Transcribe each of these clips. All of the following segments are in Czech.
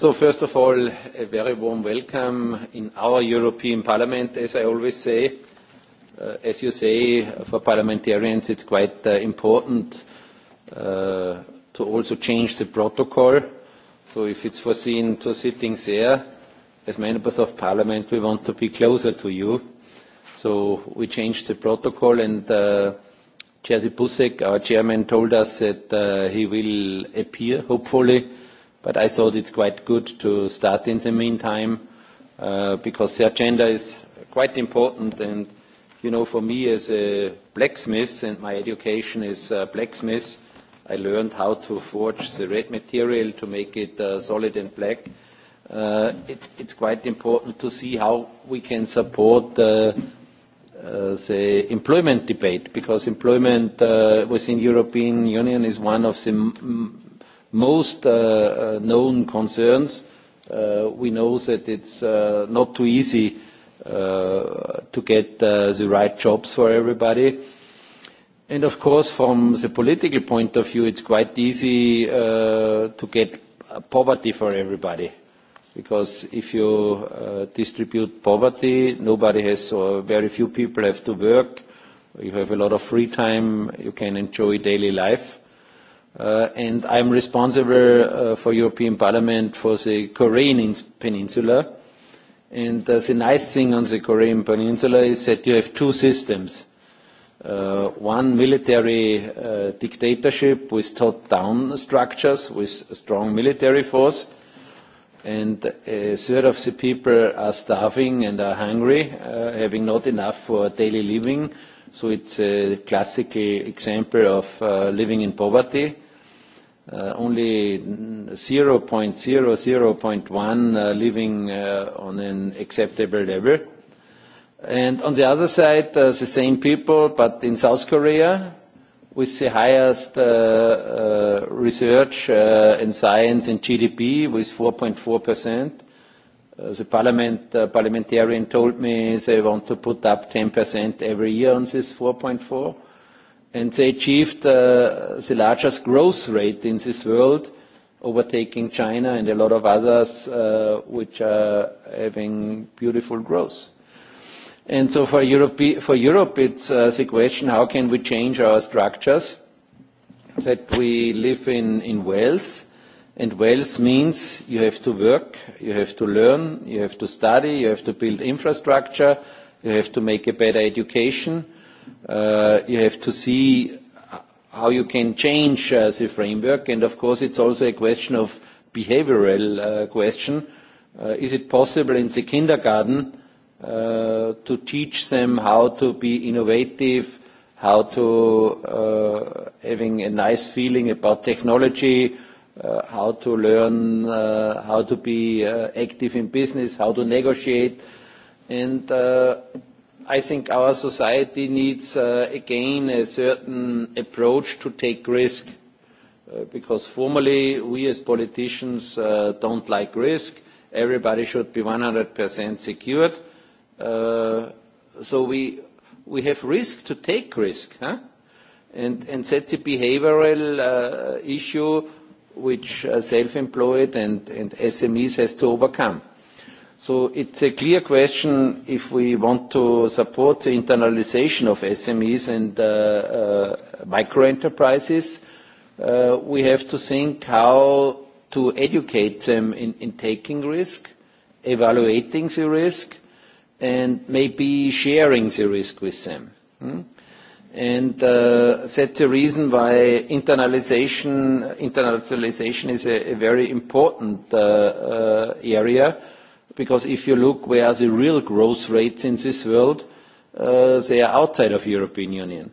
So first of all, a very warm welcome in our European Parliament, as I always say. Uh, as you say, for parliamentarians, it's quite uh, important uh, to also change the protocol. So if it's foreseen to sitting there, as members of parliament, we want to be closer to you. So we changed the protocol, and uh, Jerzy Busek, our chairman, told us that uh, he will appear, hopefully, But I thought it's quite good to start in the meantime uh, because the agenda is quite important. And, you know, for me as a blacksmith, and my education is uh, blacksmith, I learned how to forge the red material to make it uh, solid and black. Uh, it, it's quite important to see how we can support uh, uh, the employment debate, because employment uh, within European Union is one of the m most uh, uh, known concerns, uh, we know that it's uh, not too easy to get the right jobs for everybody. And of course, from the political point of view, it's quite easy to get poverty for everybody because if you uh, distribute poverty, nobody has, or very few people have to work. You have a lot of free time. You can enjoy daily life. Uh, and I'm responsible uh, for European Parliament for the Korean Peninsula. And uh, the nice thing on the Korean Peninsula is that you have two systems. Uh, one military uh, dictatorship with top-down structures, with strong military force, and a uh, third of the people are starving and are hungry, uh, having not enough for daily living, So it's a classic e-, example of uh, living in poverty. Uh, only 0.001 uh, living uh, on an acceptable level. And on the other side, uh, the same people, but in South Korea, with the highest uh, uh, research uh, in science and GDP, with 4.4 percent Uh, the parliament, uh, parliamentarian told me they want to put up 10% every year on this 4.4, and they achieved uh, the largest growth rate in this world, overtaking China and a lot of others, uh, which are having beautiful growth. And so for Europe, for Europe it's uh, the question, how can we change our structures that we live in, in wealth, And Wales means you have to work, you have to learn, you have to study, you have to build infrastructure, you have to make a better education, uh, you have to see how you can change uh, the framework. And of course, it's also a question of behavioral uh, question. Uh, is it possible in the kindergarten uh, to teach them how to be innovative, how to uh, having a nice feeling about technology, uh, how to learn uh, how to be uh, active in business, how to negotiate. And uh, I think our society needs uh, again a certain approach to take risk. Uh, because formally we as politicians uh, don't like risk. Everybody should be 100% secured. Uh, so we, we have risk to take risk. Huh? And, and that's a behavioral uh, issue which uh, self-employed and, SMEs has to overcome. So It's a clear question if we want to support the internalization of SMEs and uh, uh, micro enterprises, we have to think how to educate them in, taking risk, evaluating the risk, and maybe sharing the risk with them. Hmm? And uh, that's the reason why internalization, internationalization is a, a very important uh, uh, area, because if you look where are the real growth rates in this world, uh, they are outside of European Union.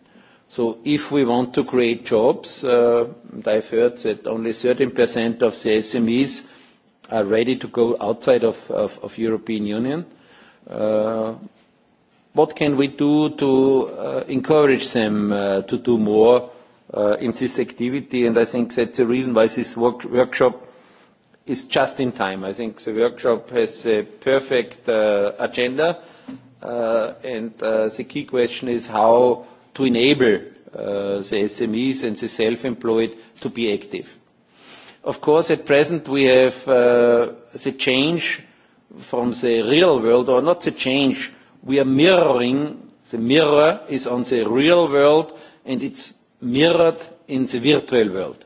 So if we want to create jobs, uh, and I've heard that only 13% of the SMEs are ready to go outside of, of, of European Union. Uh, what can we do to uh, encourage them uh, to do more uh, in this activity? And I think that's the reason why this work workshop is just in time. I think the workshop has a perfect uh, agenda, uh, and uh, the key question is how to enable uh, the SMEs and the self-employed to be active. Of course, at present we have uh, the change from the real world, or not the change, we are mirroring, the mirror is on the real world and it's mirrored in the virtual world.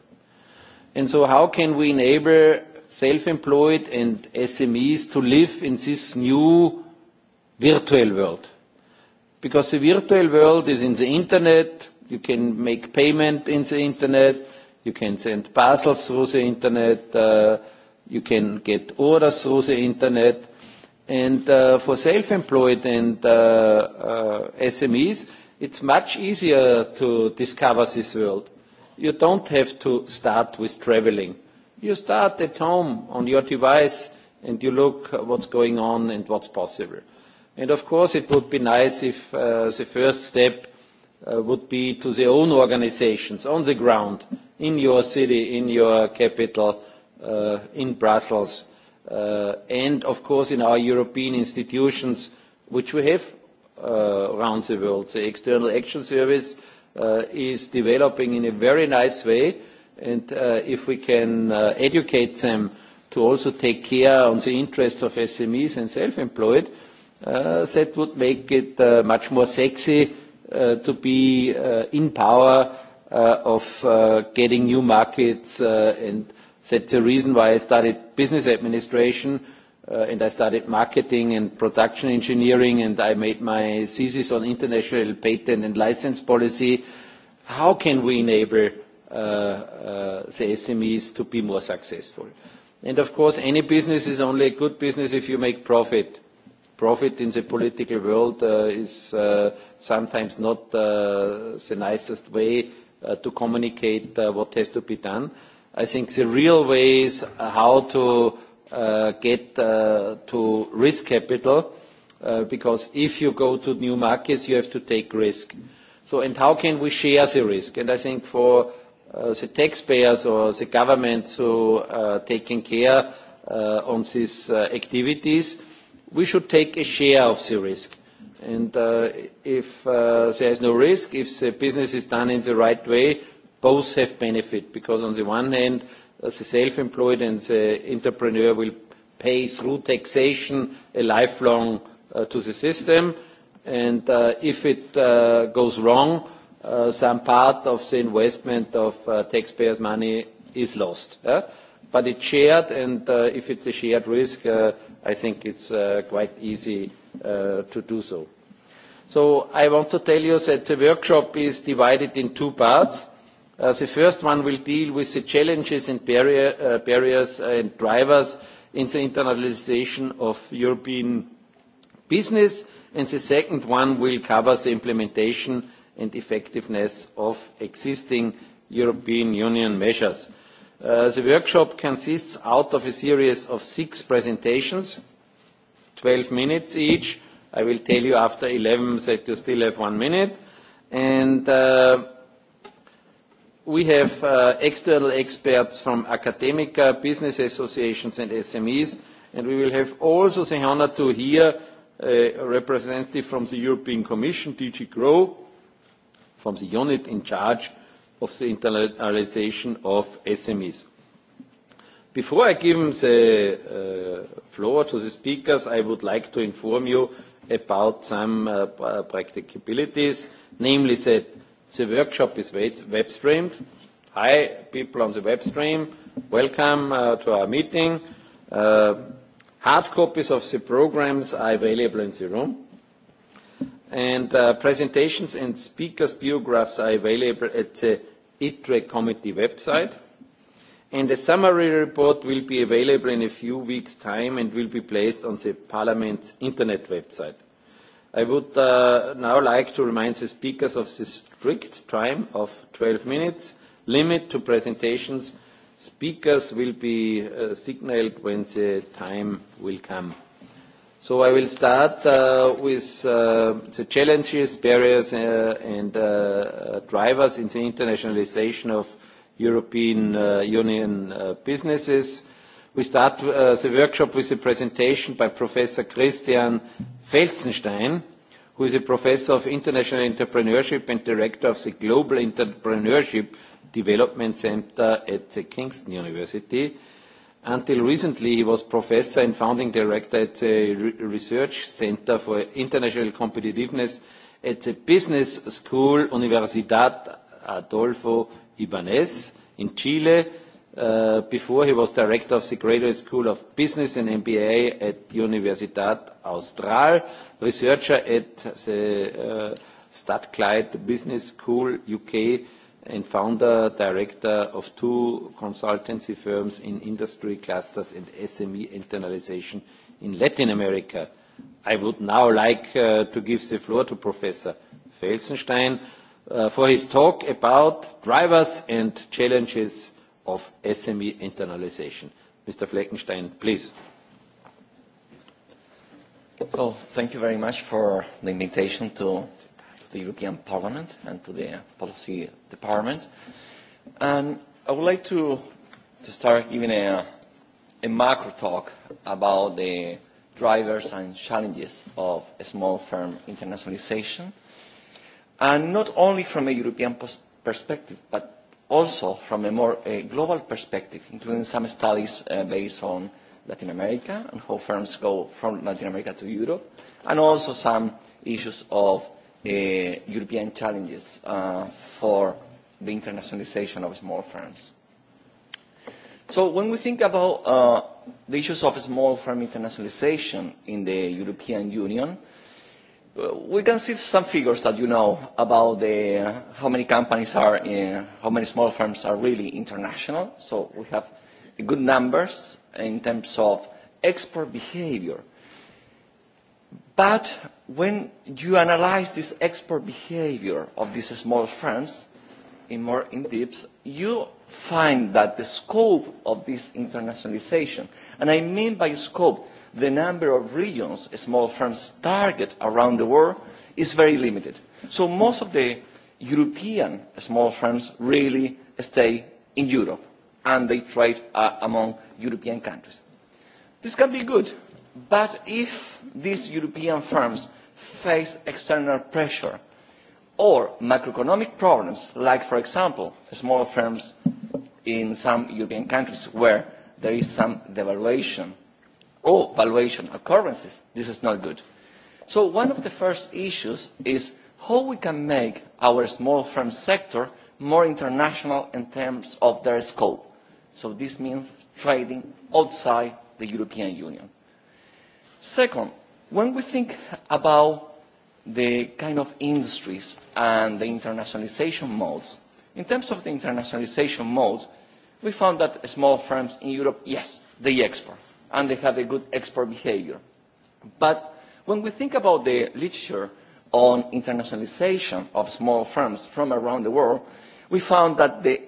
And so how can we enable self-employed and SMEs to live in this new virtual world? Because the virtual world is in the internet, you can make payment in the internet, you can send parcels through the internet, uh, you can get orders through the internet, And uh, for self-employed and uh, uh, SMEs, it's much easier to discover this world. You don't have to start with traveling. You start at home on your device and you look what's going on and what's possible. And of course, it would be nice if uh, the first step uh, would be to their own organizations on the ground, in your city, in your capital, uh, in Brussels, Uh, and of course in our European institutions, which we have uh, around the world. The External Action Service uh, is developing in a very nice way, and if we can educate them to also take care on the interests of SMEs and self-employed, that would make it much more sexy to be in power of getting new markets and That's the reason why I studied business administration, uh, and I studied marketing and production engineering, and I made my thesis on international patent and license policy. How can we enable uh, uh, the SMEs to be more successful? And of course, any business is only a good business if you make profit. Profit in the political world uh, is uh, sometimes not uh, the nicest way uh, to communicate uh, what has to be done. Uh, i think the real ways how to uh, get uh, to risk capital, uh, because if you go to new markets, you have to take risk. So, and how can we share the risk? And I think for uh, the taxpayers or the governments who are uh, taking care uh, on these activities, we should take a share of the risk. And If there is no risk, if the business is done in the right way, both have benefit because on the one hand, uh, the self-employed and the entrepreneur will pay through taxation a lifelong uh, to the system. And uh, if it uh, goes wrong, uh, some part of the investment of uh, taxpayers' money is lost. But it's shared, and uh, if it's a shared risk, uh, I think it's uh, quite easy uh, to do so. So I want to tell you that the workshop is divided in two parts. Uh, the first one will deal with the challenges and uh, barriers and drivers in the internationalization of European business, and the second one will cover the implementation and effectiveness of existing European Union measures. Uh, the workshop consists out of a series of six presentations, 12 minutes each. I will tell you after 11 that you still have one minute. and. We have uh, external experts from academia, business associations, and SMEs, and we will have also the honor to hear uh, a representative from the European Commission, DG GROW, from the unit in charge of the internationalization of SMEs. Before I give the uh, floor to the speakers, I would like to inform you about some uh, practicalities, namely that The workshop is web streamed. Hi, people on the web stream. Welcome uh, to our meeting. Uh, hard copies of the programs are available in the room. And uh, presentations and speakers' biographs are available at the ITRE committee website. And a summary report will be available in a few weeks' time and will be placed on the Parliament's internet website. I would uh, now like to remind the speakers of the strict time of 12 minutes limit to presentations. Speakers will be uh, signaled when the time will come. So I will start uh, with uh, the challenges, barriers, uh, and uh, drivers in the internationalization of European uh, Union businesses. We start uh, the workshop with a presentation by Professor Christian Felsenstein, who is a professor of international entrepreneurship and director of the Global Entrepreneurship Development Center at the Kingston University. Until recently, he was professor and founding director at the Research Center for International Competitiveness at the Business School Universidad Adolfo Ibanez in Chile Uh, before he was director of the Graduate School of Business and MBA at Universitat Austral, researcher at the uh, Stadtkleid Business School UK, and founder director of two consultancy firms in industry clusters and SME internalization in Latin America. I would now like uh, to give the floor to Professor Felsenstein uh, for his talk about drivers and challenges of SME internalization. Mr. Fleckenstein, please. So thank you very much for the invitation to, the European Parliament and to the Policy Department. And I would like to, start giving a, a macro talk about the drivers and challenges of small firm internationalization. And not only from a European perspective, but also from a more a global perspective, including some studies uh, based on Latin America and how firms go from Latin America to Europe, and also some issues of uh, European challenges uh, for the internationalization of small firms. So when we think about uh, the issues of small firm internationalization in the European Union, uh, we can see some figures that you know about the, uh, how many companies are, in, uh, how many small firms are really international. So we have good numbers in terms of export behavior. But when you analyze this export behavior of these small firms in more in depth, you find that the scope of this internationalization, and I mean by scope, the number of regions small firms target around the world is very limited. So most of the European small firms really stay in Europe and they trade uh, among European countries. This can be good, but if these European firms face external pressure or macroeconomic problems, like, for example, small firms in some European countries where there is some devaluation or valuation occurrences. This is not good. So one of the first issues is how we can make our small firm sector more international in terms of their scope. So this means trading outside the European Union. Second, when we think about the kind of industries and the internationalization modes, in terms of the internationalization modes, we found that small firms in Europe, yes, they export and they have a good export behavior. But when we think about the literature on internationalization of small firms from around the world, we found that the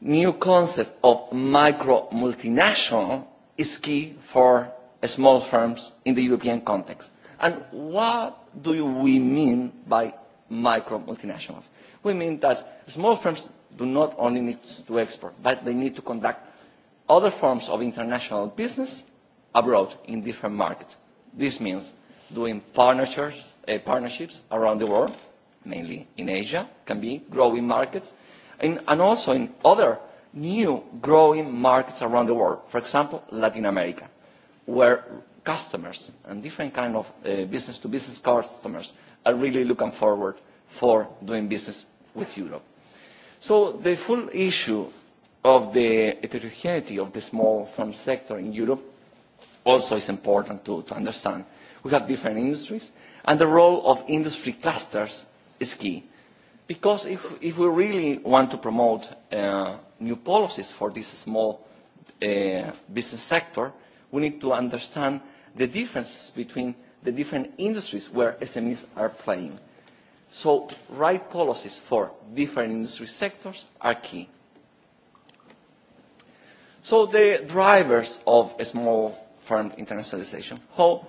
new concept of micro multinational is key for small firms in the European context. And what do we mean by micro multinationals? We mean that small firms do not only need to export, but they need to conduct other forms of international business abroad in different markets. This means doing partnerships, uh, partnerships around the world, mainly in Asia, can be growing markets, and, and also in other new growing markets around the world, for example, Latin America, where customers and different kind of business-to-business eh, uh, -business customers are really looking forward for doing business with Europe. So the full issue of the heterogeneity of the small farm sector in Europe also is important to, to understand. We have different industries, and the role of industry clusters is key. Because if, if we really want to promote uh, new policies for this small uh, business sector, we need to understand the differences between the different industries where SMEs are playing. So right policies for different industry sectors are key So the drivers of small firm internationalization, how,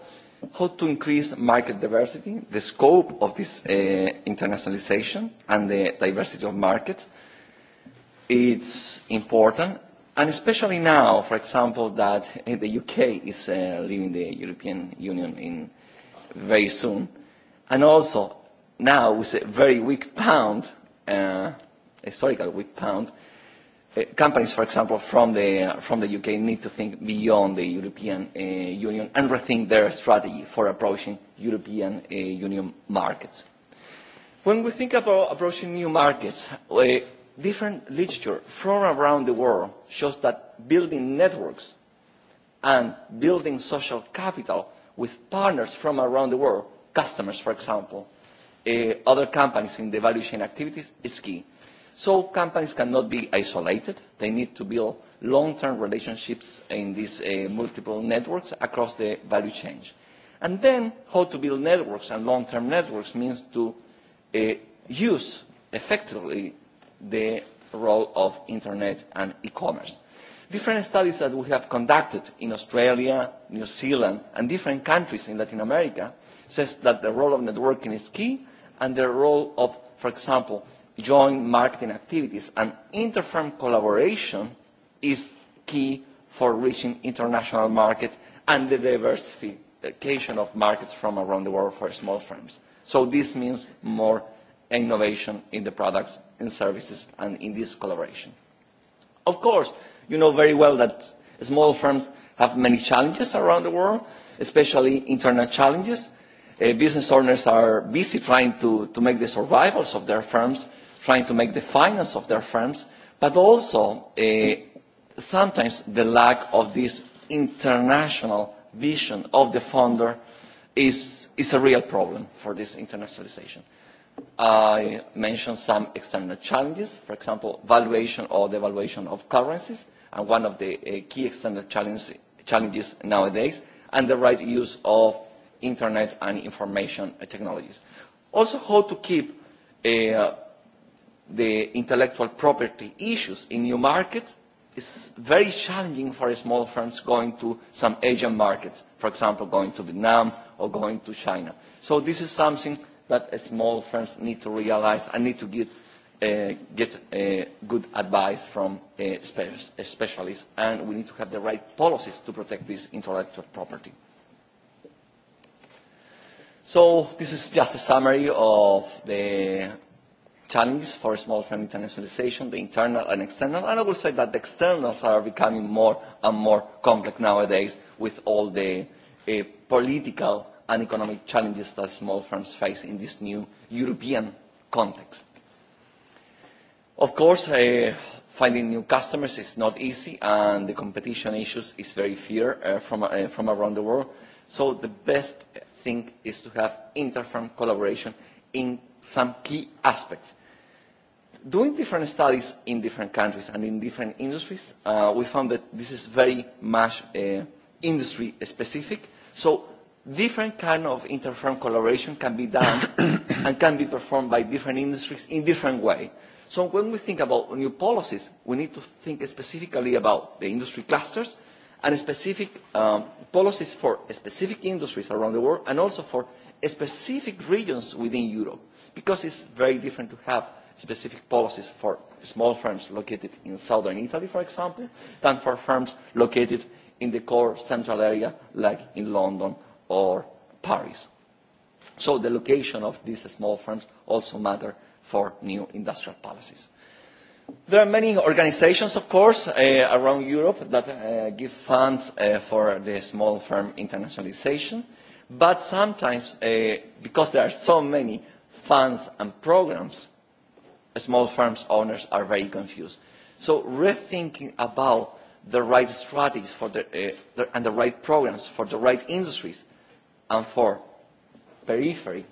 how to increase market diversity, the scope of this uh, internationalization and the diversity of markets, it's important. And especially now, for example, that the UK is uh, leaving the European Union in very soon. And also now with a very weak pound, uh, historical weak pound, Uh, companies, for example, from the, uh, from the UK need to think beyond the European uh, Union and rethink their strategy for approaching European uh, Union markets. When we think about approaching new markets, uh, different literature from around the world shows that building networks and building social capital with partners from around the world, customers, for example, uh, other companies in the value chain activities, is key So companies cannot be isolated. They need to build long-term relationships in these uh, multiple networks across the value chain. And then how to build networks and long-term networks means to uh, use effectively the role of internet and e-commerce. Different studies that we have conducted in Australia, New Zealand, and different countries in Latin America says that the role of networking is key and the role of, for example, joint marketing activities, and interfirm collaboration is key for reaching international markets and the diversification of markets from around the world for small firms. So this means more innovation in the products and services and in this collaboration. Of course, you know very well that small firms have many challenges around the world, especially internal challenges. Uh, business owners are busy trying to, to make the survivals of their firms trying to make the finance of their firms, but also uh, sometimes the lack of this international vision of the founder is, is a real problem for this internationalization. I mentioned some external challenges, for example, valuation or devaluation of currencies, and one of the uh, key external challenges challenges nowadays, and the right use of internet and information technologies. Also, how to keep uh, the intellectual property issues in new markets is very challenging for small firms going to some Asian markets, for example, going to Vietnam or going to China. So this is something that small firms need to realize and need to get, uh, get uh, good advice from uh, uh, specialists, and we need to have the right policies to protect this intellectual property. So this is just a summary of the challenges for small firm internationalization, the internal and external. And I would say that the externals are becoming more and more complex nowadays with all the uh, political and economic challenges that small firms face in this new European context. Of course, uh, finding new customers is not easy, and the competition issues is very fierce uh, from, uh, from around the world. So the best thing is to have inter-firm collaboration in some key aspects. Doing different studies in different countries and in different industries, uh, we found that this is very much uh, industry specific. So different kind of interfirm collaboration can be done and can be performed by different industries in different way. So when we think about new policies, we need to think specifically about the industry clusters and specific um, policies for specific industries around the world and also for specific regions within Europe because it is very different to have specific policies for small firms located in southern Italy, for example, than for firms located in the core central area, like in London or Paris. So the location of these small firms also matter for new industrial policies. There are many organizations, of course, uh, around Europe that uh, give funds uh, for the small firm internationalization. But sometimes, uh, because there are so many funds and programmes, small farms owners are very confused. So rethinking about the right strategies for the, uh, the, and the right programmes for the right industries and for periphery,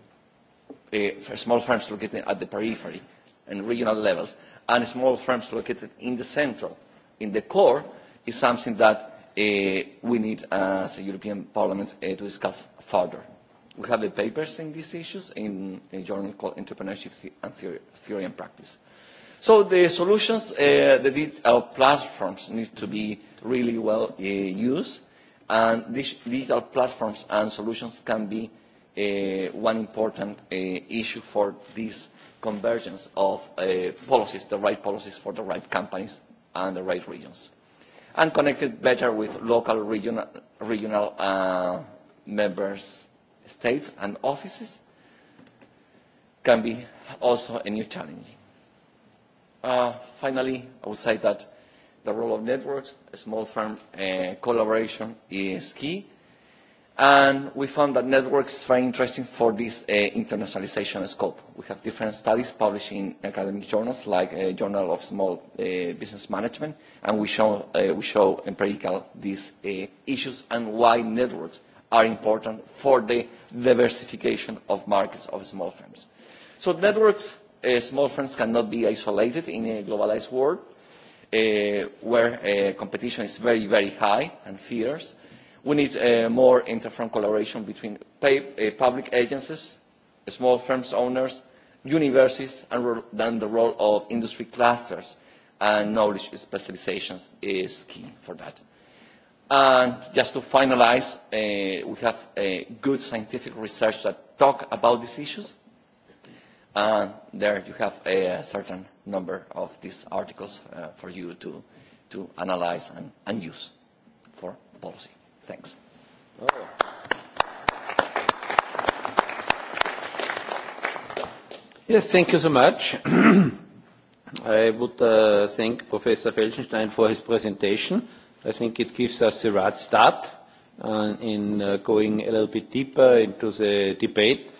uh, for small farms located at the periphery and regional levels, and small farms located in the central, in the core, is something that uh, we need as a European Parliament uh, to discuss further. We have the papers in these issues in a journal called Entrepreneurship and Theory, Theory and Practice. So the solutions uh, that our platforms need to be really well uh, used, and these digital platforms and solutions can be uh, one important uh, issue for this convergence of uh, policies, the right policies for the right companies and the right regions, and connected better with local, regional, regional uh, members' states and offices can be also a new challenge. Uh, finally, I would say that the role of networks, small firm uh, collaboration is key. And we found that networks are very interesting for this uh, internationalization scope. We have different studies published in academic journals, like a uh, Journal of Small uh, Business Management, and we show, uh, we show empirical these uh, issues and why networks are important for the diversification of markets of small firms. So networks, uh, small firms cannot be isolated in a globalized world uh, where uh, competition is very, very high and fierce. We need uh, more inter-firm collaboration between pay, uh, public agencies, small firms owners, universities, and then the role of industry clusters and knowledge specializations is key for that. And just to finalize, uh, we have uh, good scientific research that talk about these issues. And uh, there you have a, a certain number of these articles uh, for you to, to analyze and, and use for policy. Thanks. Oh. Yes, thank you so much. I would uh, thank Professor Felsenstein for his presentation i think it gives us the right start uh, in uh, going a little bit deeper into the debate.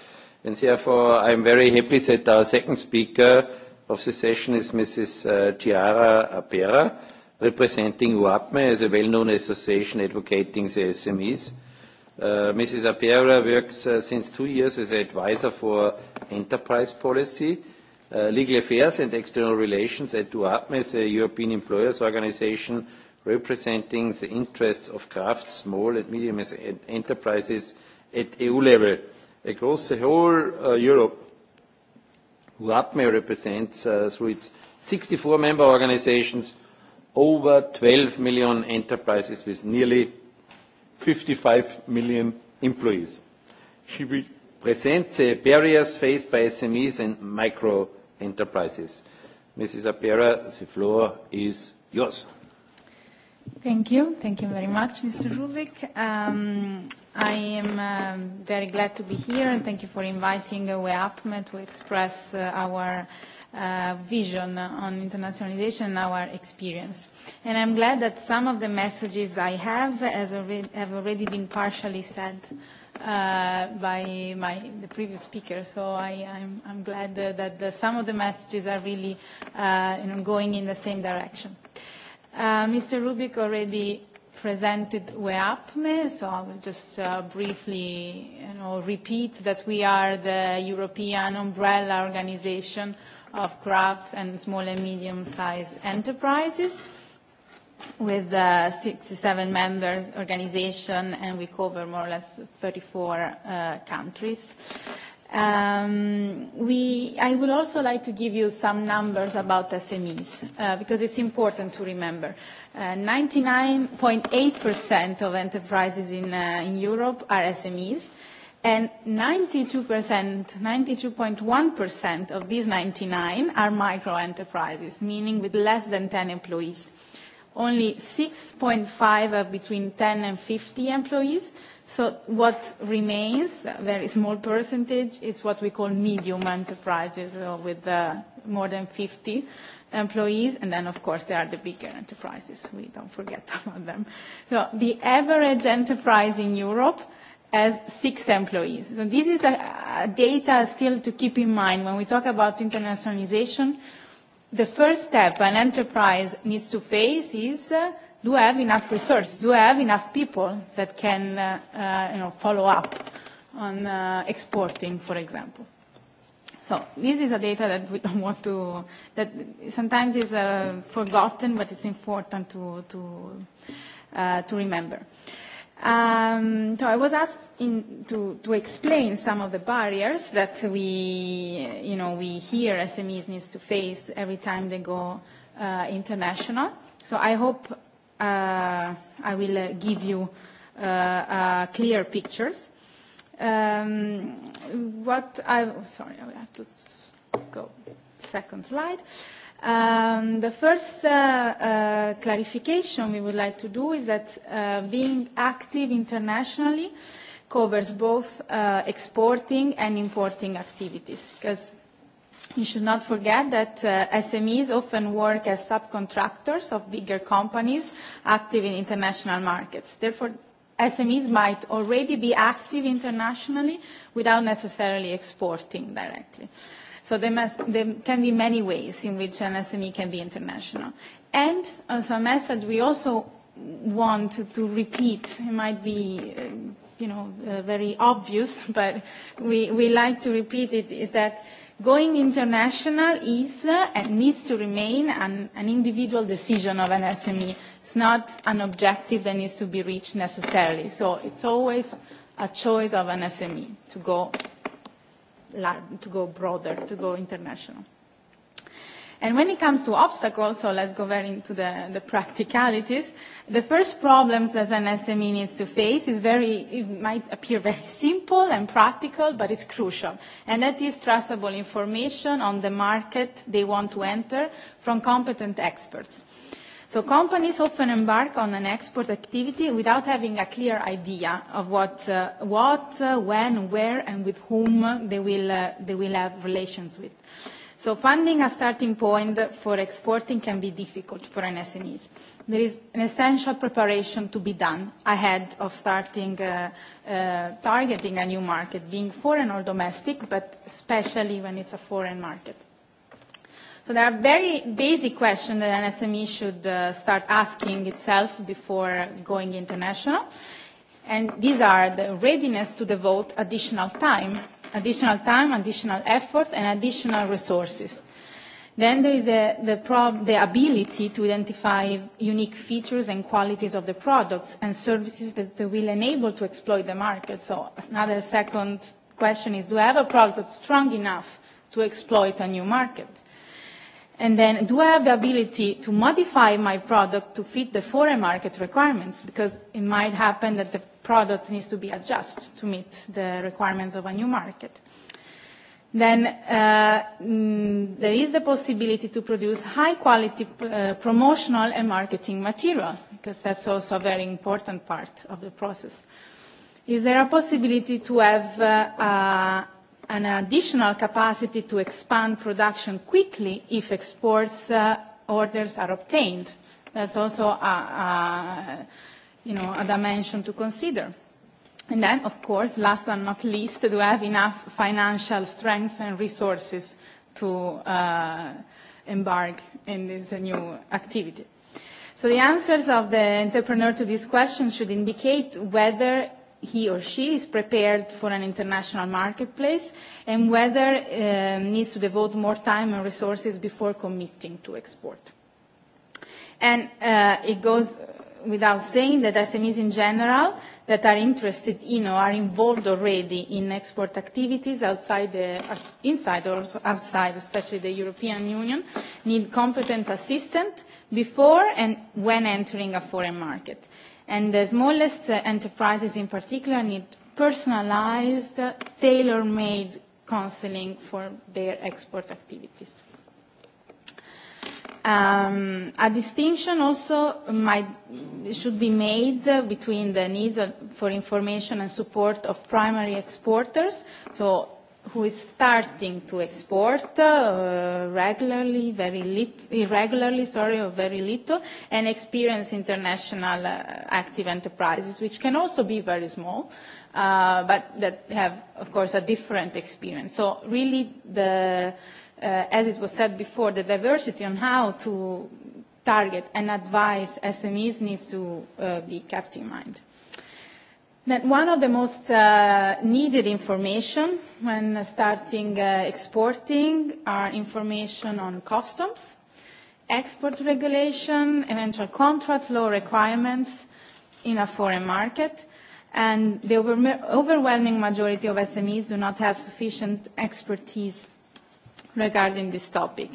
And therefore, I'm very happy that our second speaker of the session is Mrs. Uh, Chiara Apera, representing UAPME as a well-known association advocating the SMEs. Uh, Mrs. Apera works uh, since two years as an advisor for enterprise policy, uh, legal affairs and external relations at UAPME, the European Employers Organization, representing the interests of craft, small and medium enterprises at EU level. Across the whole uh, Europe, UAPME represents, uh, through its 64 member organizations, over 12 million enterprises with nearly 55 million employees. She will present the barriers faced by SMEs and micro enterprises. Mrs. Apera, the floor is yours. Thank you. Thank you very much, Mr. Rubik. Um, I am uh, very glad to be here, and thank you for inviting uh, WEAPME to express uh, our uh, vision on internationalization and our experience. And I'm glad that some of the messages I have has already, have already been partially said uh, by my, the previous speaker. So I, I'm, I'm glad uh, that the, some of the messages are really uh, you know, going in the same direction. Uh, Uh, Mr. Rubik already presented WEAPME, so I will just uh, briefly you know, repeat that we are the European umbrella organization of crafts and small and medium-sized enterprises with uh, 67 members organization, and we cover more or less 34 uh, countries. Um, we, I would also like to give you some numbers about SMEs, uh, because it's important to remember. 99.8% uh, of enterprises in, uh, in Europe are SMEs, and 92%, 92.1% of these 99 are micro enterprises, meaning with less than 10 employees. Only 6.5 are between 10 and 50 employees, So what remains, a very small percentage, is what we call medium enterprises, so with uh, more than 50 employees, and then, of course, there are the bigger enterprises. We don't forget about them. So the average enterprise in Europe has six employees. So this is a, a data still to keep in mind when we talk about internationalization. The first step an enterprise needs to face is uh, do we have enough resources, do we have enough people that can uh, uh, you know, follow up on uh, exporting, for example. So this is a data that we don't want to, that sometimes is uh, forgotten, but it's important to, to, uh, to remember. Um, so I was asked in, to, to explain some of the barriers that we, you know, we hear SMEs need to face every time they go uh, international. So I hope uh, I will uh, give you uh, uh, clear pictures. Um, what I... Oh, sorry, I have to go second slide. Um, the first uh, uh, clarification we would like to do is that uh, being active internationally covers both uh, exporting and importing activities, because You should not forget that uh, SMEs often work as subcontractors of bigger companies active in international markets. Therefore, SMEs might already be active internationally without necessarily exporting directly. So there, must, there can be many ways in which an SME can be international. And as uh, a message, we also want to, to repeat, it might be uh, you know, uh, very obvious, but we, we like to repeat it, is that Going international is uh, and needs to remain an, an individual decision of an SME. It's not an objective that needs to be reached necessarily. So it's always a choice of an SME to go, to go broader, to go international. And when it comes to obstacles, so let's go very into the, the practicalities, The first problems that an SME needs to face is very, it might appear very simple and practical, but it's crucial. And that is trustable information on the market they want to enter from competent experts. So companies often embark on an export activity without having a clear idea of what, uh, what uh, when, where, and with whom they will, uh, they will have relations with. So finding a starting point for exporting can be difficult for an SMEs there is an essential preparation to be done ahead of starting uh, uh, targeting a new market, being foreign or domestic, but especially when it's a foreign market. So there are very basic questions that an SME should uh, start asking itself before going international. And these are the readiness to devote additional time, additional time, additional effort, and additional resources Then there is the, the, the ability to identify unique features and qualities of the products and services that they will enable to exploit the market. So another second question is, do I have a product that's strong enough to exploit a new market? And then do I have the ability to modify my product to fit the foreign market requirements? Because it might happen that the product needs to be adjusted to meet the requirements of a new market then uh, mm, there is the possibility to produce high quality uh, promotional and marketing material, because that's also a very important part of the process. Is there a possibility to have uh, uh, an additional capacity to expand production quickly if exports uh, orders are obtained? That's also a, a, you know, a dimension to consider of course, last but not least, do we have enough financial strength and resources to uh, embark in this new activity? the answers of the entrepreneur to this question should indicate whether he or she is prepared for an international marketplace and whether um, needs to devote more time and resources before committing to export. Uh, it goes without saying that SMEs in general that are interested in or are involved already in export activities outside the, inside or outside, especially the European Union, need competent assistance before and when entering a foreign market. And the smallest uh, enterprises in particular need personalized, tailor-made counseling for their export activities. Um, a distinction also might, should be made between the needs of, for information and support of primary exporters, so who is starting to export uh, regularly, very little, irregularly, sorry, or very little, and experience international uh, active enterprises, which can also be very small, uh, but that have, of course, a different experience. So really the Uh, as it was said before, the diversity on how to target and advise SMEs needs to uh, be kept in mind. That one of the most uh, needed information when starting uh, exporting are information on customs, export regulation, eventual contract law requirements in a foreign market, and the over overwhelming majority of SMEs do not have sufficient expertise regarding this topic.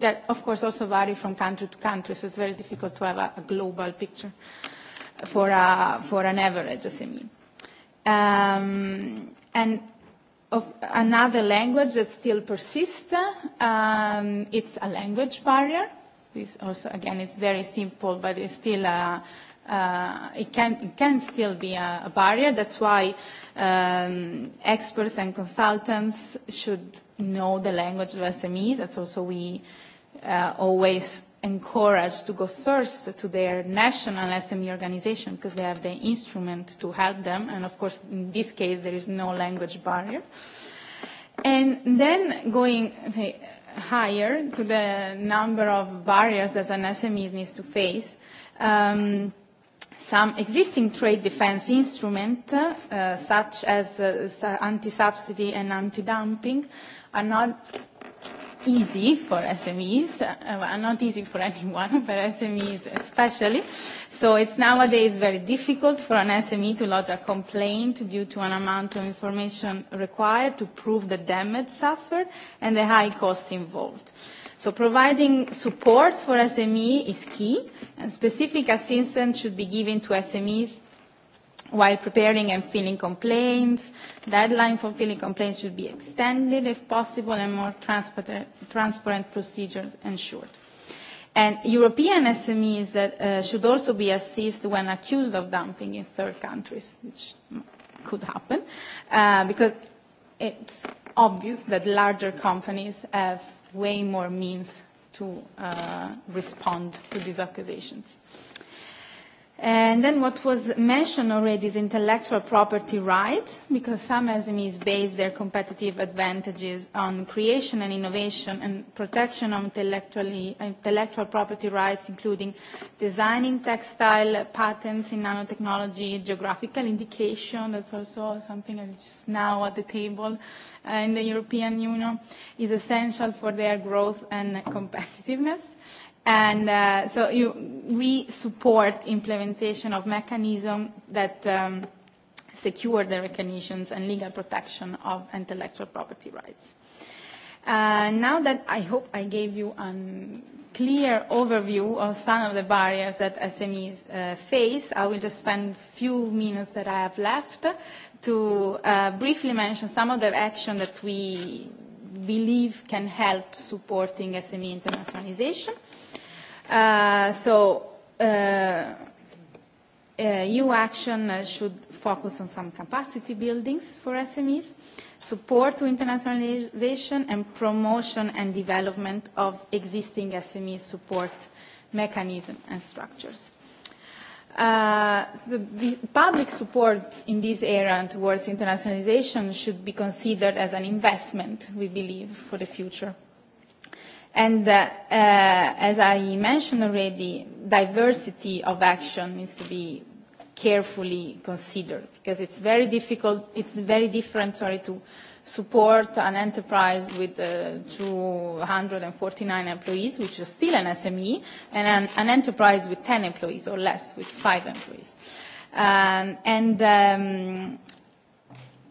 That, of course, also vary from country to country, so it's very difficult to have a, a global picture for, a, uh, for an average SME. Um, and of another language that still persists, um, it's a language barrier. This also, again, it's very simple, but it's still a, uh, uh, it, can, it can still be a, a barrier. That's why um, experts and consultants should know the language of SME. That's also we uh, always encourage to go first to their national SME organization because they have the instrument to help them. And of course, in this case, there is no language barrier. And then going say, higher to the number of barriers that an SME needs to face, um, some existing trade defense instruments, uh, such as uh, anti-subsidy and anti-dumping, are not easy for SMEs, uh, not easy for anyone, but SMEs especially. So it's nowadays very difficult for an SME to lodge a complaint due to an amount of information required to prove the damage suffered and the high costs involved. Uh, So providing support for SME is key, and specific assistance should be given to SMEs while preparing and filing complaints. Deadline for filing complaints should be extended if possible and more transparent, transparent procedures ensured. And European SMEs that uh, should also be assisted when accused of dumping in third countries, which could happen, uh, because it's obvious that larger companies have way more means to uh, respond to these accusations. And then what was mentioned already is intellectual property rights, because some SMEs base their competitive advantages on creation and innovation and protection of intellectually, intellectual property rights, including designing textile patents in nanotechnology, geographical indication, that's also something that is now at the table in the European Union, is essential for their growth and competitiveness And uh, so you, we support implementation of mechanisms that um, secure the recognitions and legal protection of intellectual property rights. Uh, now that I hope I gave you a clear overview of some of the barriers that SMEs uh, face, I will just spend few minutes that I have left to uh, briefly mention some of the action that we believe can help supporting SME internationalization. Uh, so uh, Uh, EU action uh, should focus on some capacity buildings for SMEs, support to internationalization and promotion and development of existing SME support mechanism and structures. Uh, the, public support in this area towards internationalization should be considered as an investment, we believe, for the future. And uh, uh, as I mentioned already, diversity of action needs to be carefully considered because it's very difficult it's very different sorry to support an enterprise with uh, 249 employees which is still an SME and an, an enterprise with 10 employees or less with 5 employees um, and um,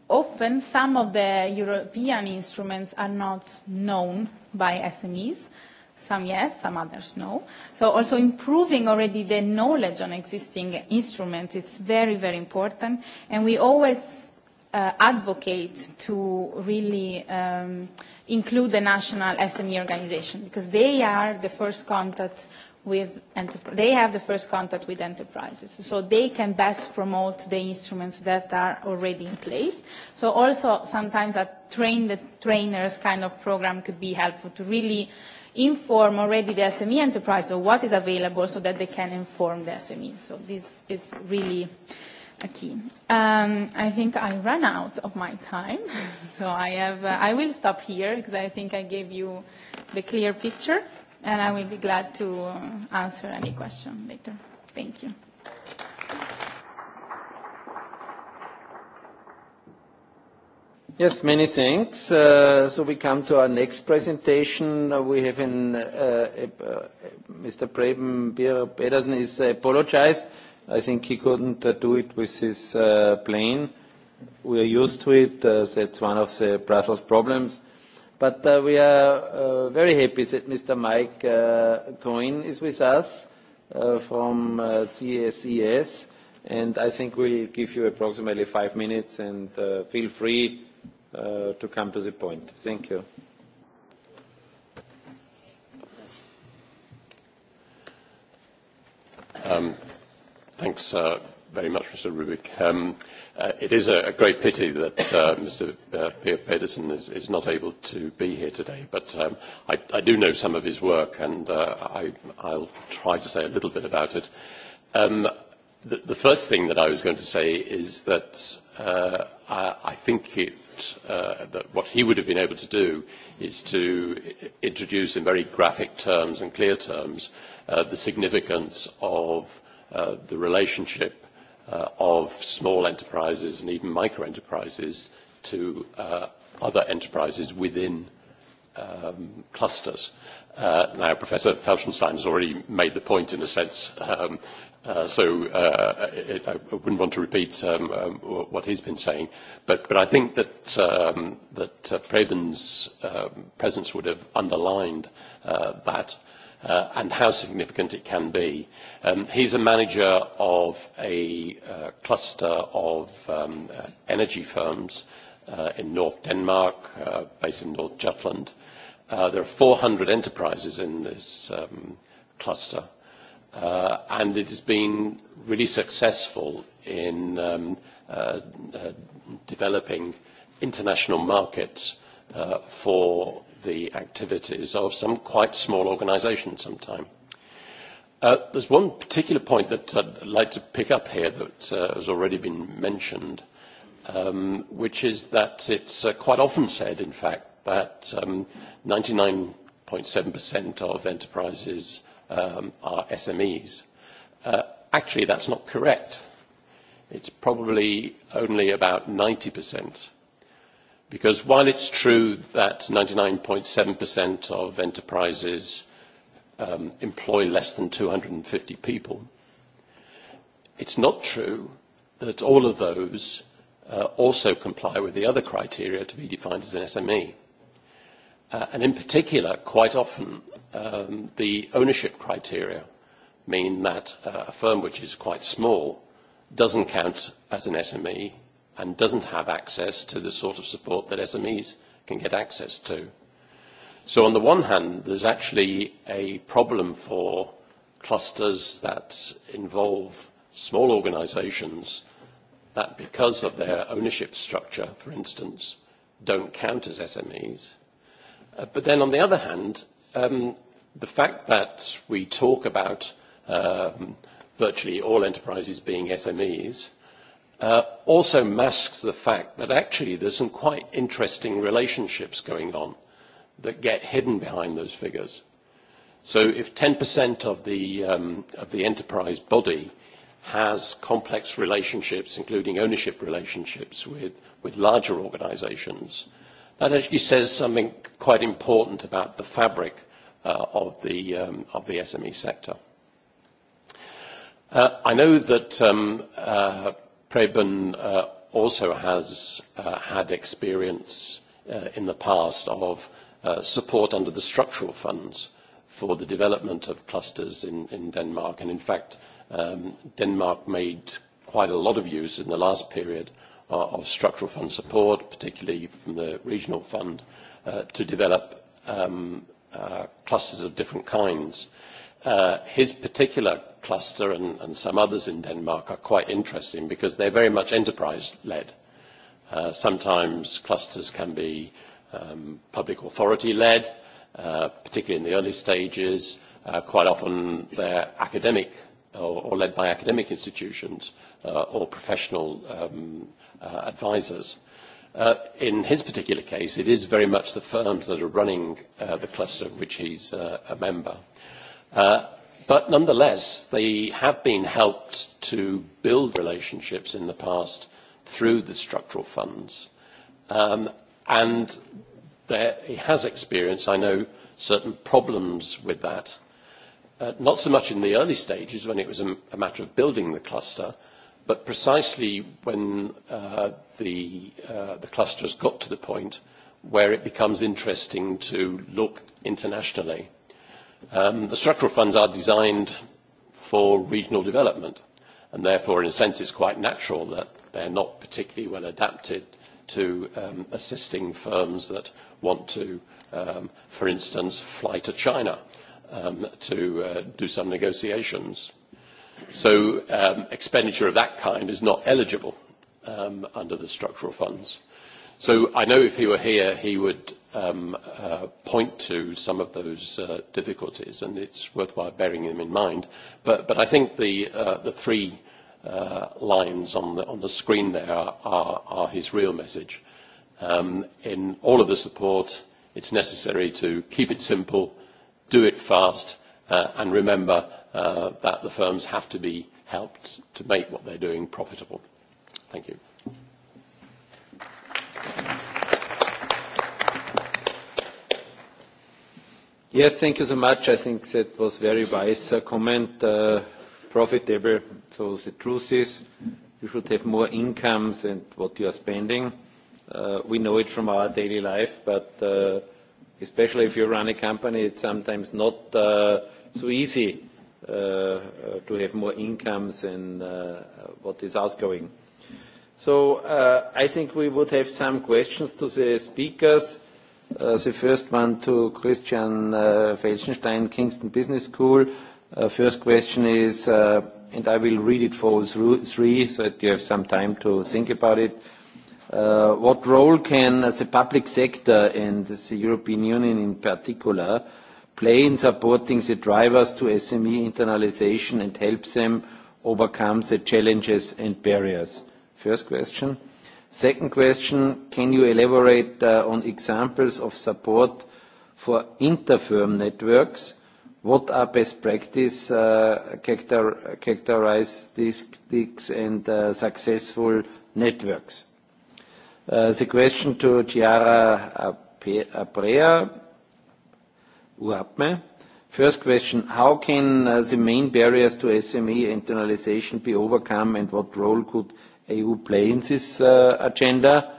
often some of the European instruments are not known by SMEs some yes, some others no. So also improving already the knowledge on existing instruments, is very, very important. And we always uh, advocate to really um, include the national SME organization because they are the first contact with they have the first contact with enterprises so they can best promote the instruments that are already in place so also sometimes a train the trainers kind of program could be helpful to really uh, inform already the SME enterprise of what is available so that they can inform the SME. So this is really a key. Um, I think I ran out of my time, so I, have, uh, I will stop here because I think I gave you the clear picture, and I will be glad to uh, answer any question later. Thank you. Yes, many thanks. Uh, so we come to our next presentation. Uh, we have in uh, uh, uh Mr. Preben Pedersen is uh, apologized. I think he couldn't do it with his plane. We are used to it. That's one of the Brussels problems. But we are very happy that Mr. Mike Cohen is with us from CSES, e and I think we'll give you approximately five minutes, and feel free Uh, to come to the point. Thank you. Um, thanks uh, very much, Mr. Rubik. Um, uh, it is a, a great pity that uh, Mr. Uh, Pedersen is, is not able to be here today, but um, I, I do know some of his work, and uh, I, I'll try to say a little bit about it. Um, the, the first thing that I was going to say is that uh, I, I think it uh, that what he would have been able to do is to introduce in very graphic terms and clear terms uh, the significance of uh, the relationship uh, of small enterprises and even micro enterprises to uh, other enterprises within um, clusters. Uh, now, Professor Felsenstein has already made the point, in a sense, um, Uh, so uh, it, I wouldn't want to repeat um, um, what he's been saying, but, but I think that, um, that uh, Preben's um, presence would have underlined uh, that uh, and how significant it can be. Um, he's a manager of a cluster of um, energy firms in North Denmark, based in North Jutland. There are 400 enterprises in this cluster, Uh, and it has been really successful in um, uh, uh, developing international markets for the activities of some quite small organisations sometimes. there's one particular point that I'd like to pick up here that has already been mentioned, um, which is that it's quite often said, in fact, that 99.7% um, of enterprises um, are SMEs. Uh, actually, that's not correct. It's probably only about 90%. Because while it's true that 99.7% of enterprises um, employ less than 250 people, it's not true that all of those uh, also comply with the other criteria to be defined as an SME. Uh, and in particular, quite often, um, the ownership criteria mean that uh, a firm which is quite small doesn't count as an SME and doesn't have access to the sort of support that SMEs can get access to. So on the one hand, there's actually a problem for clusters that involve small organizations that because of their ownership structure, for instance, don't count as SMEs. Uh, but then on the other hand, um, the fact that we talk about um, virtually all enterprises being SMEs uh, also masks the fact that actually there's some quite interesting relationships going on that get hidden behind those figures. So if 10% of the, um, of the enterprise body has complex relationships, including ownership relationships with, with larger organizations, uh, That actually says something quite important about the fabric uh, of, the, um, of the SME sector. Uh, I know that um, uh, Preben uh, also has uh, had experience uh, in the past of uh, support under the structural funds for the development of clusters in, in Denmark. And in fact, um, Denmark made quite a lot of use in the last period Uh, of structural fund support, particularly from the regional fund, uh, to develop um, uh, clusters of different kinds. Uh, his particular cluster and, and some others in Denmark are quite interesting because they're very much enterprise-led. Uh, sometimes clusters can be um, public authority-led, uh, particularly in the early stages. Uh, quite often they're academic or, led by academic institutions uh, or professional um, uh, advisors. Uh, in his particular case, it is very much the firms that are running uh, the cluster of which he's uh, a member. Uh, but nonetheless, they have been helped to build relationships in the past through the structural funds. Um, and there, he has experienced, I know, certain problems with that Uh, not so much in the early stages when it was a, a matter of building the cluster, but precisely when uh, the, uh, the cluster has got to the point where it becomes interesting to look internationally. Um, the structural funds are designed for regional development, and therefore, in a sense, it's quite natural that they're not particularly well adapted to um, assisting firms that want to, um, for instance, fly to China. Uh, um, to uh, do some negotiations. So um, expenditure of that kind is not eligible um, under the structural funds. So I know if he were here, he would um, uh, point to some of those uh, difficulties, and it's worthwhile bearing them in mind. But, but I think the, uh, the three uh, lines on the, on the screen there are, are, his real message. Um, in all of the support, it's necessary to keep it simple, do it fast, uh, and remember uh, that the firms have to be helped to make what they're doing profitable. Thank you. Yes, thank you so much. I think that was very wise uh, comment. Uh, profitable. So the truth is, you should have more incomes than what you are spending. Uh, we know it from our daily life, but uh, especially if you run a company, it's sometimes not uh, so easy uh, uh to have more incomes than uh, what is outgoing. So uh, I think we would have some questions to the speakers. Uh, the first one to Christian uh, Felsenstein, Kingston Business School. Uh, first question is, uh, and I will read it for all three so that you have some time to think about it. Uh, what role can uh, the public sector and the European Union in particular play in supporting the drivers to SME internalisation and help them overcome the challenges and barriers? First question. Second question, can you elaborate uh, on examples of support for inter-firm networks? What are best practice uh, characteristics and successful networks? Uh, the question to Chiara Aprea, UAPME. First question, how can uh, the main barriers to SME internalization be overcome, and what role could EU play in this uh, agenda?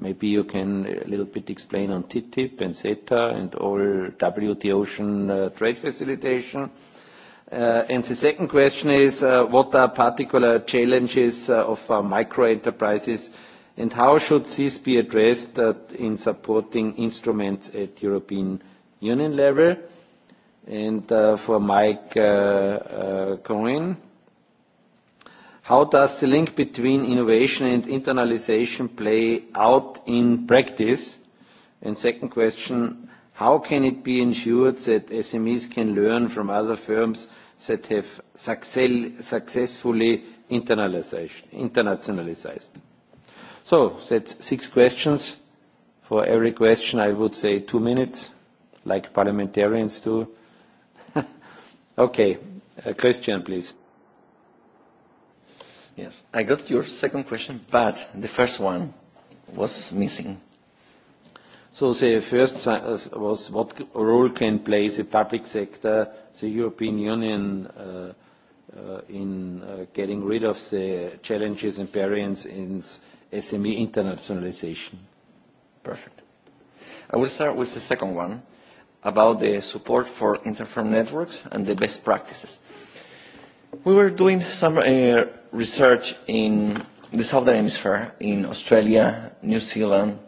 Maybe you can a little bit explain on TTIP and CETA and all WTO ocean uh, trade facilitation. Uh, and the second question is, uh, what are particular challenges uh, of uh, micro enterprises and how should this be addressed uh, in supporting instruments at European Union level? And uh, for Mike uh, uh, Cohen, how does the link between innovation and internalization play out in practice? And second question, how can it be ensured that SMEs can learn from other firms that have success, successfully internalization, internationalized? So that's six questions. For every question, I would say two minutes, like parliamentarians do. okay, uh, Christian, please. Yes, I got your second question, but the first one was missing. So the first uh, was what role can play the public sector, the European Union, uh, in getting rid of the challenges and barriers in SME internationalization. Perfect. I will start with the second one about the support for interfirm networks and the best practices. We were doing some uh, research in the Southern Hemisphere, in Australia, New Zealand,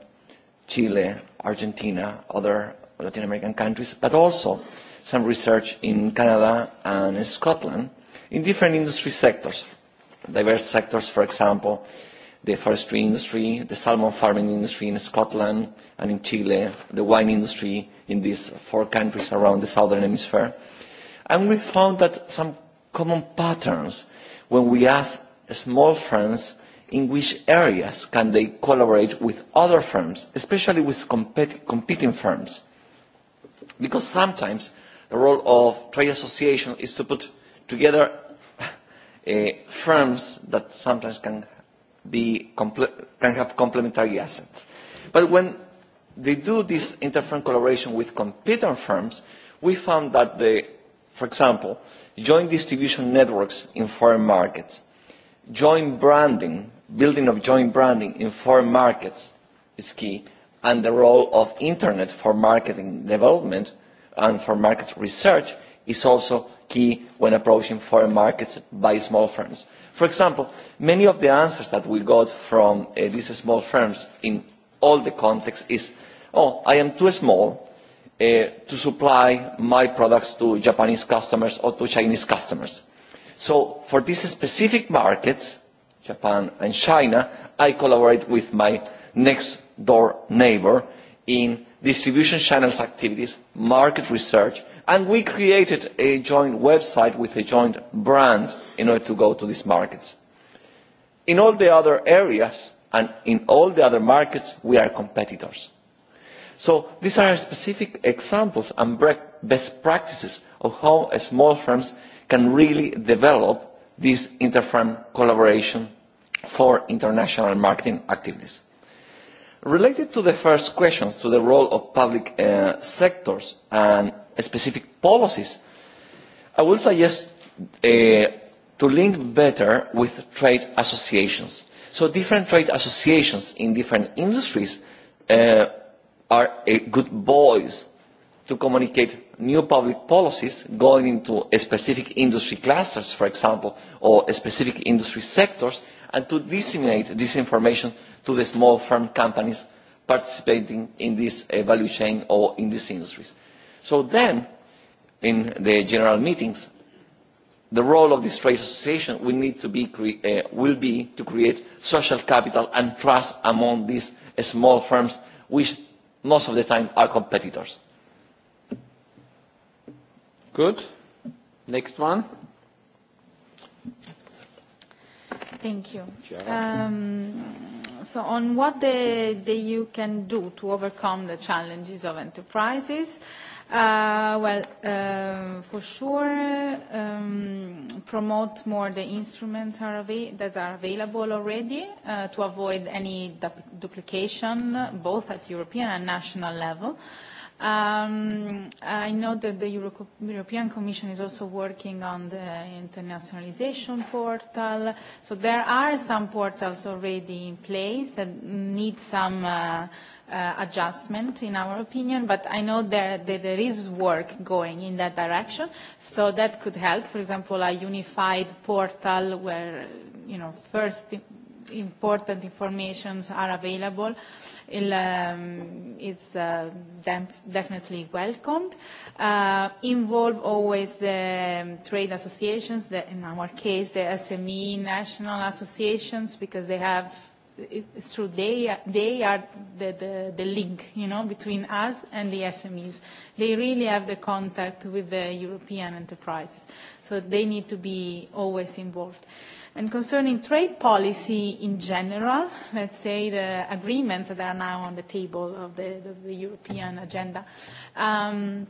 Chile, Argentina, other Latin American countries, but also some research in Canada and Scotland in different industry sectors, diverse sectors, for example, the forestry industry, the salmon farming industry in Scotland and in Chile, the wine industry in these four countries around the southern hemisphere. And we found that some common patterns when we ask small firms in which areas can they collaborate with other firms, especially with compet competing firms. Because sometimes the role of trade association is to put together uh, firms that sometimes can be can have complementary assets. But when they do this interfirm collaboration with competing firms, we found that the, for example, joint distribution networks in foreign markets, joint branding, building of joint branding in foreign markets is key, and the role of internet for marketing development and for market research is also key when approaching foreign markets by small firms. For example, many of the answers that we got from uh, these small firms in all the contexts is, oh, I am too small uh, to supply my products to Japanese customers or to Chinese customers. So for these specific markets, Japan and China, I collaborate with my next door neighbor in distribution channels activities, market research, And we created a joint website with a joint brand in order to go to these markets. In all the other areas and in all the other markets, we are competitors. So these are specific examples and best practices of how small firms can really develop this inter-firm collaboration for international marketing activities. Related to the first question, to the role of public uh, sectors and specific policies. I will suggest uh, to link better with trade associations. So different trade associations in different industries uh, are a good voice to communicate new public policies going into a specific industry clusters, for example, or specific industry sectors, and to disseminate this information to the small firm companies participating in this uh, value chain or in these industries. So then, in the general meetings, the role of this trade association will, need to be uh, will be to create social capital and trust among these uh, small firms, which most of the time are competitors. Good. Next one. Thank you. Um, so on what the, the EU can do to overcome the challenges of enterprises, uh, Uh, well, uh, for sure, um, promote more the instruments are that are available already uh, to avoid any du duplication, both at European and national level. Um, I know that the Euro European Commission is also working on the internationalization portal. So there are some portals already in place that need some uh, Uh, adjustment, in our opinion, but I know that, there is work going in that direction, so that could help. For example, a unified portal where, you know, first important informations are available. It'll, um, it's uh, definitely welcomed. Uh, involve always the um, trade associations, the, in our case, the SME national associations, because they have it's true they they are the, the the link you know between us and the SMEs they really have the contact with the European enterprises so they need to be always involved and concerning trade policy in general let's say the agreements that are now on the table of the, the European agenda um,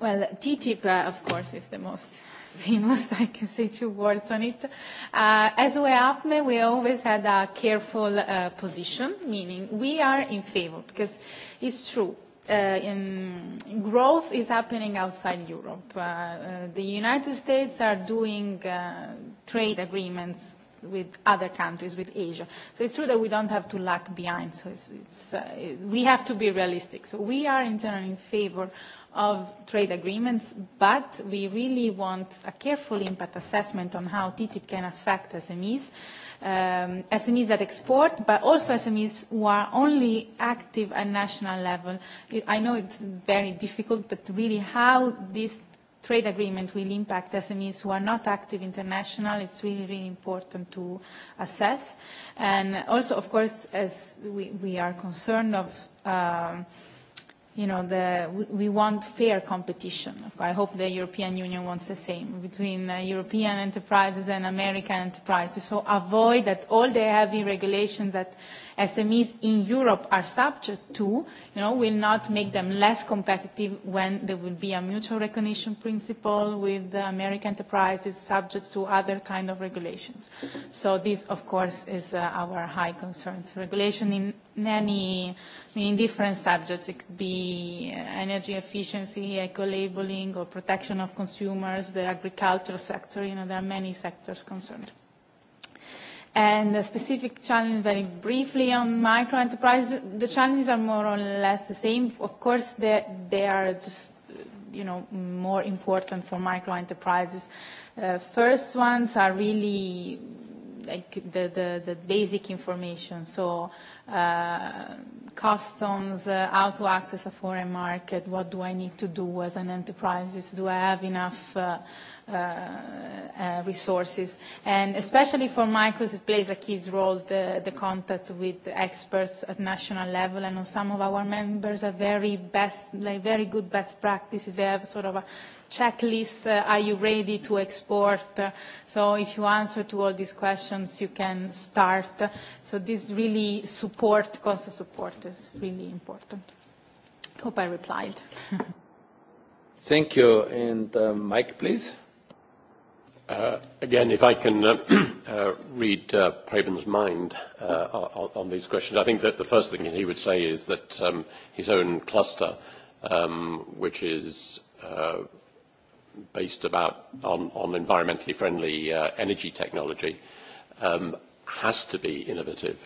well TTIP uh, of course is the most famous, I can say two words on it. Uh, as UEAPME, we always had a careful uh, position, meaning we are in favor, because it's true. Uh, in growth is happening outside Europe. Uh, uh, the United States are doing uh, trade agreements with other countries, with Asia. So it's true that we don't have to lag behind. So it's, it's, uh, it, we have to be realistic. So we are in general in favor of trade agreements, but we really want a careful impact assessment on how TTIP can affect SMEs, um, SMEs that export, but also SMEs who are only active at national level. I know it's very difficult, but really how this trade agreement will impact SMEs who are not active international. It's really, really important to assess. And also, of course, as we, we are concerned of um, you know, the, we want fair competition. I hope the European Union wants the same between uh, European enterprises and American enterprises. So avoid that all the heavy regulations that SMEs in Europe are subject to, you know, will not make them less competitive when there will be a mutual recognition principle with the American enterprises subject to other kind of regulations. So this, of course, is uh, our high concerns. Regulation in many, in different subjects, it could be uh, energy efficiency, eco-labeling, or protection of consumers, the agricultural sector, you know, there are many sectors concerned. And the specific challenge, very briefly, on micro enterprises, the challenges are more or less the same. Of course, they, they are just, you know, more important for micro enterprises. Uh, first ones are really like the, the, the basic information, so uh, customs, uh, how to access a foreign market, what do I need to do as an enterprise, do I have enough uh, Uh, uh, resources. And especially for micros, it plays a key role, the, the contact with experts at national level. And some of our members are very best, like very good best practices. They have sort of a checklist, uh, are you ready to export? Uh, so if you answer to all these questions, you can start. So this really support, cost support is really important. Hope I replied. Thank you. And uh, Mike, please. Uh, again, if I can uh, uh, read uh, Praben's mind uh, on, on these questions, I think that the first thing he would say is that um, his own cluster, um, which is uh, based about on, on environmentally friendly uh, energy technology, um, has to be innovative.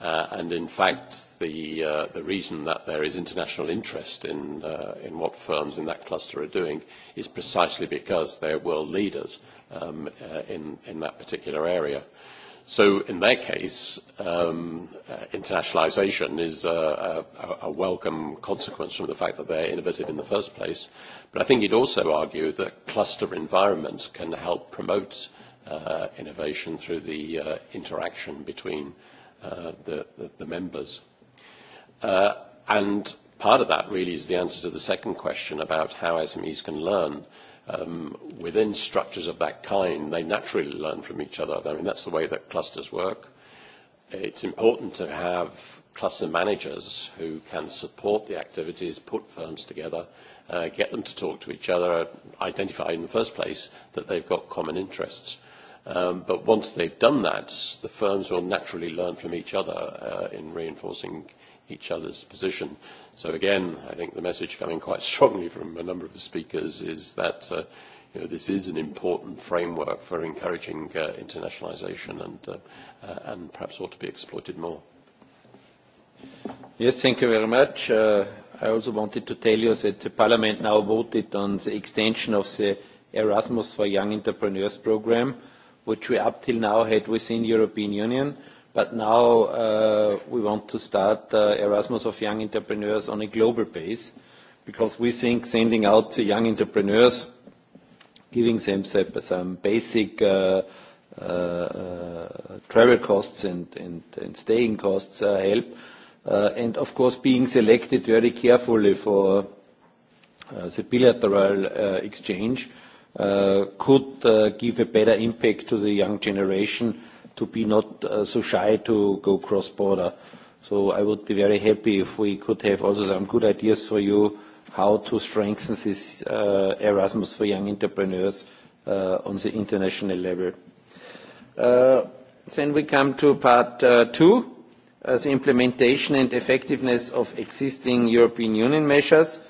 Uh, and in fact, the, uh, the reason that there is international interest in, uh, in what firms in that cluster are doing is precisely because they're world leaders. Uh, um, uh, in, in that particular area. So in their case, um, uh, internationalization is a, a, a welcome consequence from the fact that they're innovative in the first place. But I think you'd also argue that cluster environments can help promote uh, innovation through the uh, interaction between uh, the, the, the members. Uh, and part of that really is the answer to the second question about how SMEs can learn. Uh, um, within structures of that kind, they naturally learn from each other. I mean, that's the way that clusters work. It's important to have cluster managers who can support the activities, put firms together, uh, get them to talk to each other, identify in the first place that they've got common interests. Um, but once they've done that, the firms will naturally learn from each other uh, in reinforcing each other's position. So again, I think the message coming quite strongly from a number of the speakers is that uh, you know, this is an important framework for encouraging uh, internationalization and, uh, uh, and perhaps ought to be exploited more. Yes, thank you very much. Uh, I also wanted to tell you that the Parliament now voted on the extension of the Erasmus for Young Entrepreneurs program, which we up till now had within European Union But now uh, we want to start uh, Erasmus of Young Entrepreneurs on a global base because we think sending out to young entrepreneurs, giving them some basic uh, travel costs and, staying costs help. and of course being selected very carefully for the bilateral exchange could give a better impact to the young generation to be not uh, so shy to go cross-border. So I would be very happy if we could have also some good ideas for you how to strengthen this uh, Erasmus for young entrepreneurs uh, on the international level. Uh, then we come to part uh, two, uh, the implementation and effectiveness of existing European Union measures.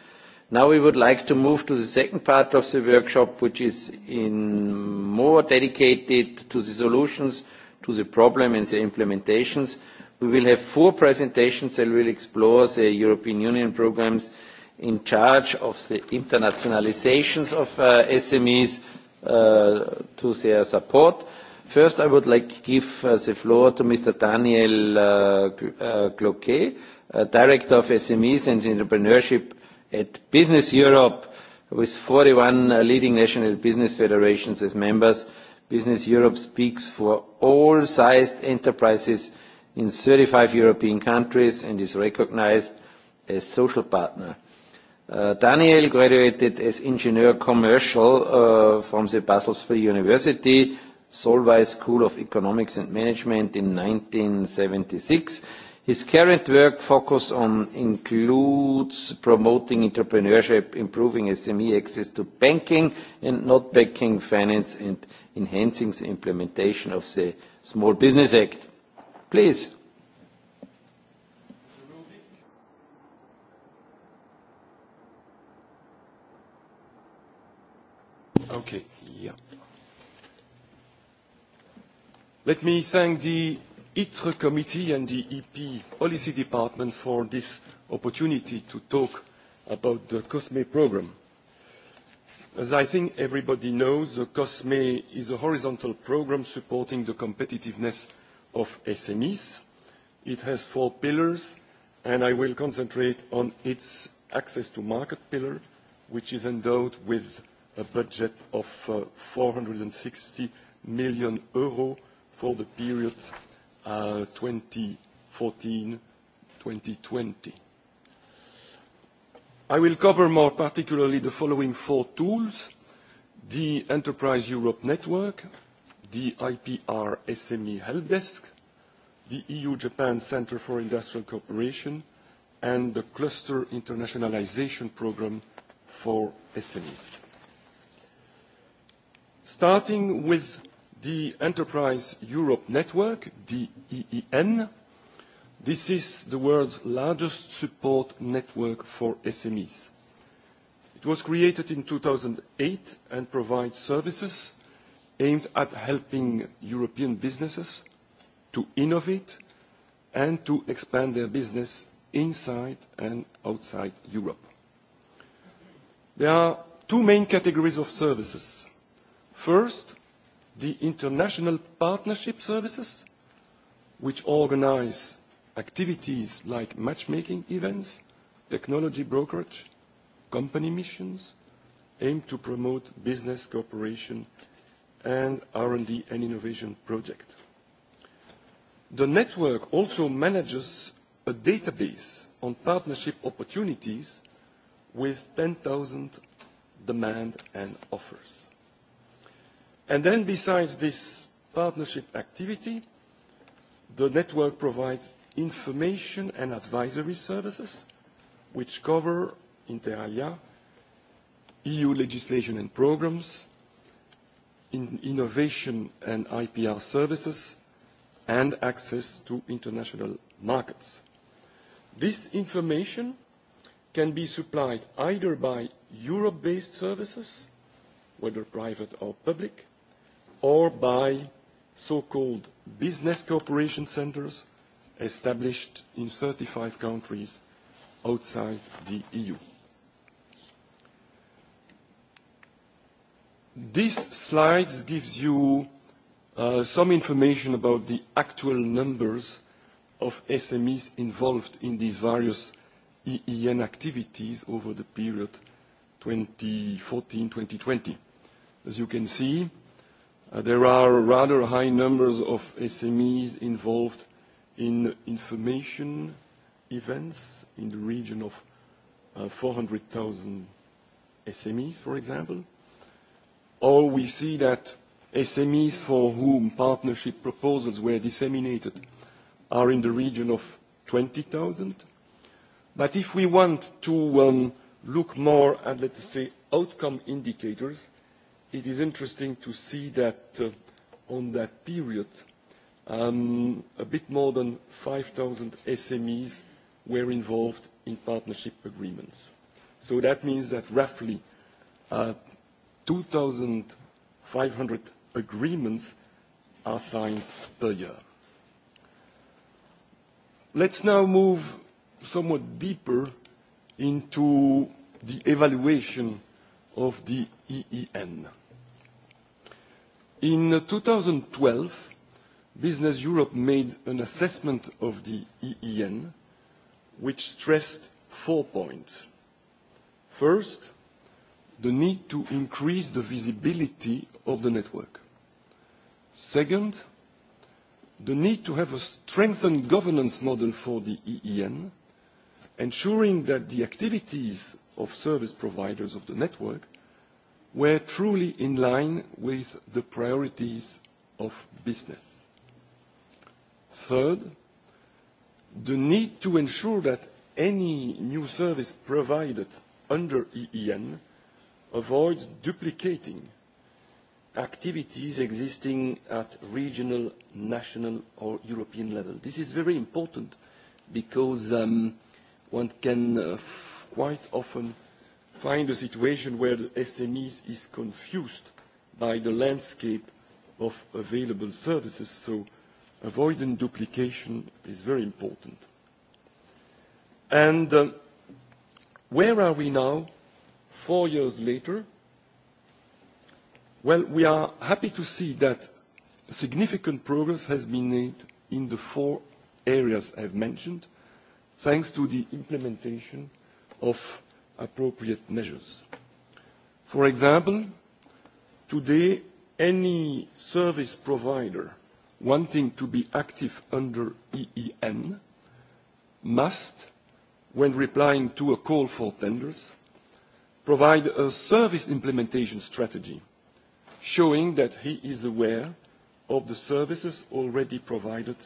Now we would like to move to the second part of the workshop, which is in more dedicated to the solutions to the problem and the implementations. We will have four presentations that will explore the European Union programs in charge of the internationalizations of uh, SMEs uh, to their support. First, I would like to give uh, the floor to Mr. Daniel uh, uh, Cloquet, uh, Director of SMEs and Entrepreneurship at Business Europe, with 41 uh, leading national business federations as members Business Europe speaks for all sized enterprises in 35 European countries and is recognized as social partner. Uh, Daniel graduated as engineer Commercial uh, from the Basel Free University, Solvay School of Economics and Management in 1976 His current work focus on includes promoting entrepreneurship, improving SME access to banking and not banking finance, and enhancing the implementation of the Small Business Act. Please. Okay. Yeah. Let me thank the ITRE committee and the EP policy department for this opportunity to talk about the COSME programme. As I think everybody knows, the COSME is a horizontal programme supporting the competitiveness of SMEs. It has four pillars, and I will concentrate on its access to market pillar, which is endowed with a budget of uh, 460 million euro for the period 2014, uh, 2020. I will cover more particularly the following four tools: the Enterprise Europe Network, the IPR SME Help Desk, the EU-Japan Centre for Industrial Cooperation, and the Cluster Internationalization Programme for SMEs. Starting with the Enterprise Europe Network, DEEN. E This is the world's largest support network for SMEs. It was created in 2008 and provides services aimed at helping European businesses to innovate and to expand their business inside and outside Europe. There are two main categories of services. First, the international partnership services, which organize activities like matchmaking events, technology brokerage, company missions, aim to promote business cooperation and R&D and innovation project. The network also manages a database on partnership opportunities with 10,000 demand and offers. And then besides this partnership activity, the network provides information and advisory services which cover, inter alia, EU legislation and programs, in innovation and IPR services, and access to international markets. This information can be supplied either by Europe-based services, whether private or public, or by so-called business cooperation centres established in 35 countries outside the EU. These slides gives you uh, some information about the actual numbers of SMEs involved in these various EEN activities over the period 2014-2020. As you can see, Uh, there are rather high numbers of SMEs involved in information events in the region of uh, 400,000 SMEs, for example. Or we see that SMEs for whom partnership proposals were disseminated are in the region of 20,000. But if we want to um, look more at, let's say, outcome indicators, it is interesting to see that uh, on that period, um, a bit more than 5,000 SMEs were involved in partnership agreements. So that means that roughly uh, 2,500 agreements are signed per year. Let's now move somewhat deeper into the evaluation of the EEN. In 2012, Business Europe made an assessment of the EEN, which stressed four points. First, the need to increase the visibility of the network. Second, the need to have a strengthened governance model for the EEN, ensuring that the activities of service providers of the network were truly in line with the priorities of business. Third, the need to ensure that any new service provided under EEN avoids duplicating activities existing at regional, national, or European level. This is very important because um, one can uh, quite often find a situation where the SMEs is confused by the landscape of available services, so avoiding duplication is very important. And um, where are we now, four years later? Well, we are happy to see that significant progress has been made in the four areas I've mentioned, thanks to the implementation of appropriate measures. For example, today, any service provider wanting to be active under EEN must, when replying to a call for tenders, provide a service implementation strategy showing that he is aware of the services already provided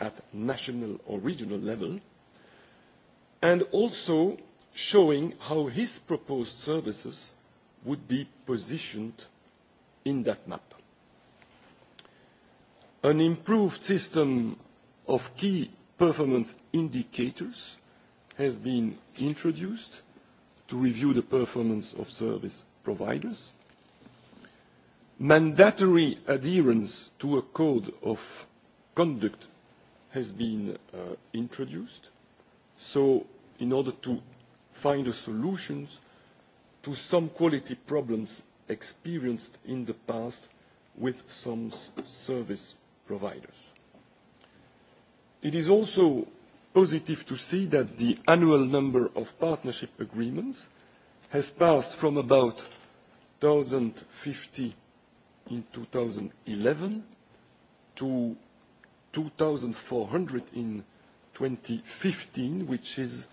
at national or regional level, and also showing how his proposed services would be positioned in that map. An improved system of key performance indicators has been introduced to review the performance of service providers. Mandatory adherence to a code of conduct has been uh, introduced. So in order to find a solution to some quality problems experienced in the past with some service providers. It is also positive to see that the annual number of partnership agreements has passed from about 1,050 in 2011 to 2,400 in 2015, which is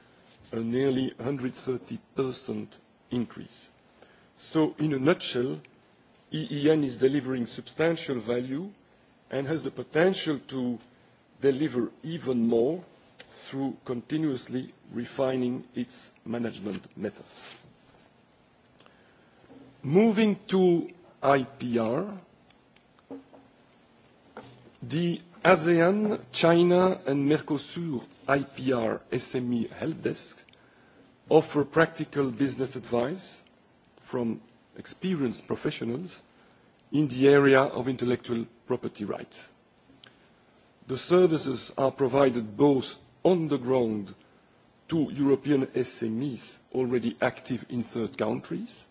a nearly 130% increase. So in a nutshell, EEN is delivering substantial value and has the potential to deliver even more through continuously refining its management methods. Moving to IPR, the ASEAN, China, and Mercosur IPR SME help desk offer practical business advice from experienced professionals in the area of intellectual property rights. The services are provided both on the ground to European SMEs already active in third countries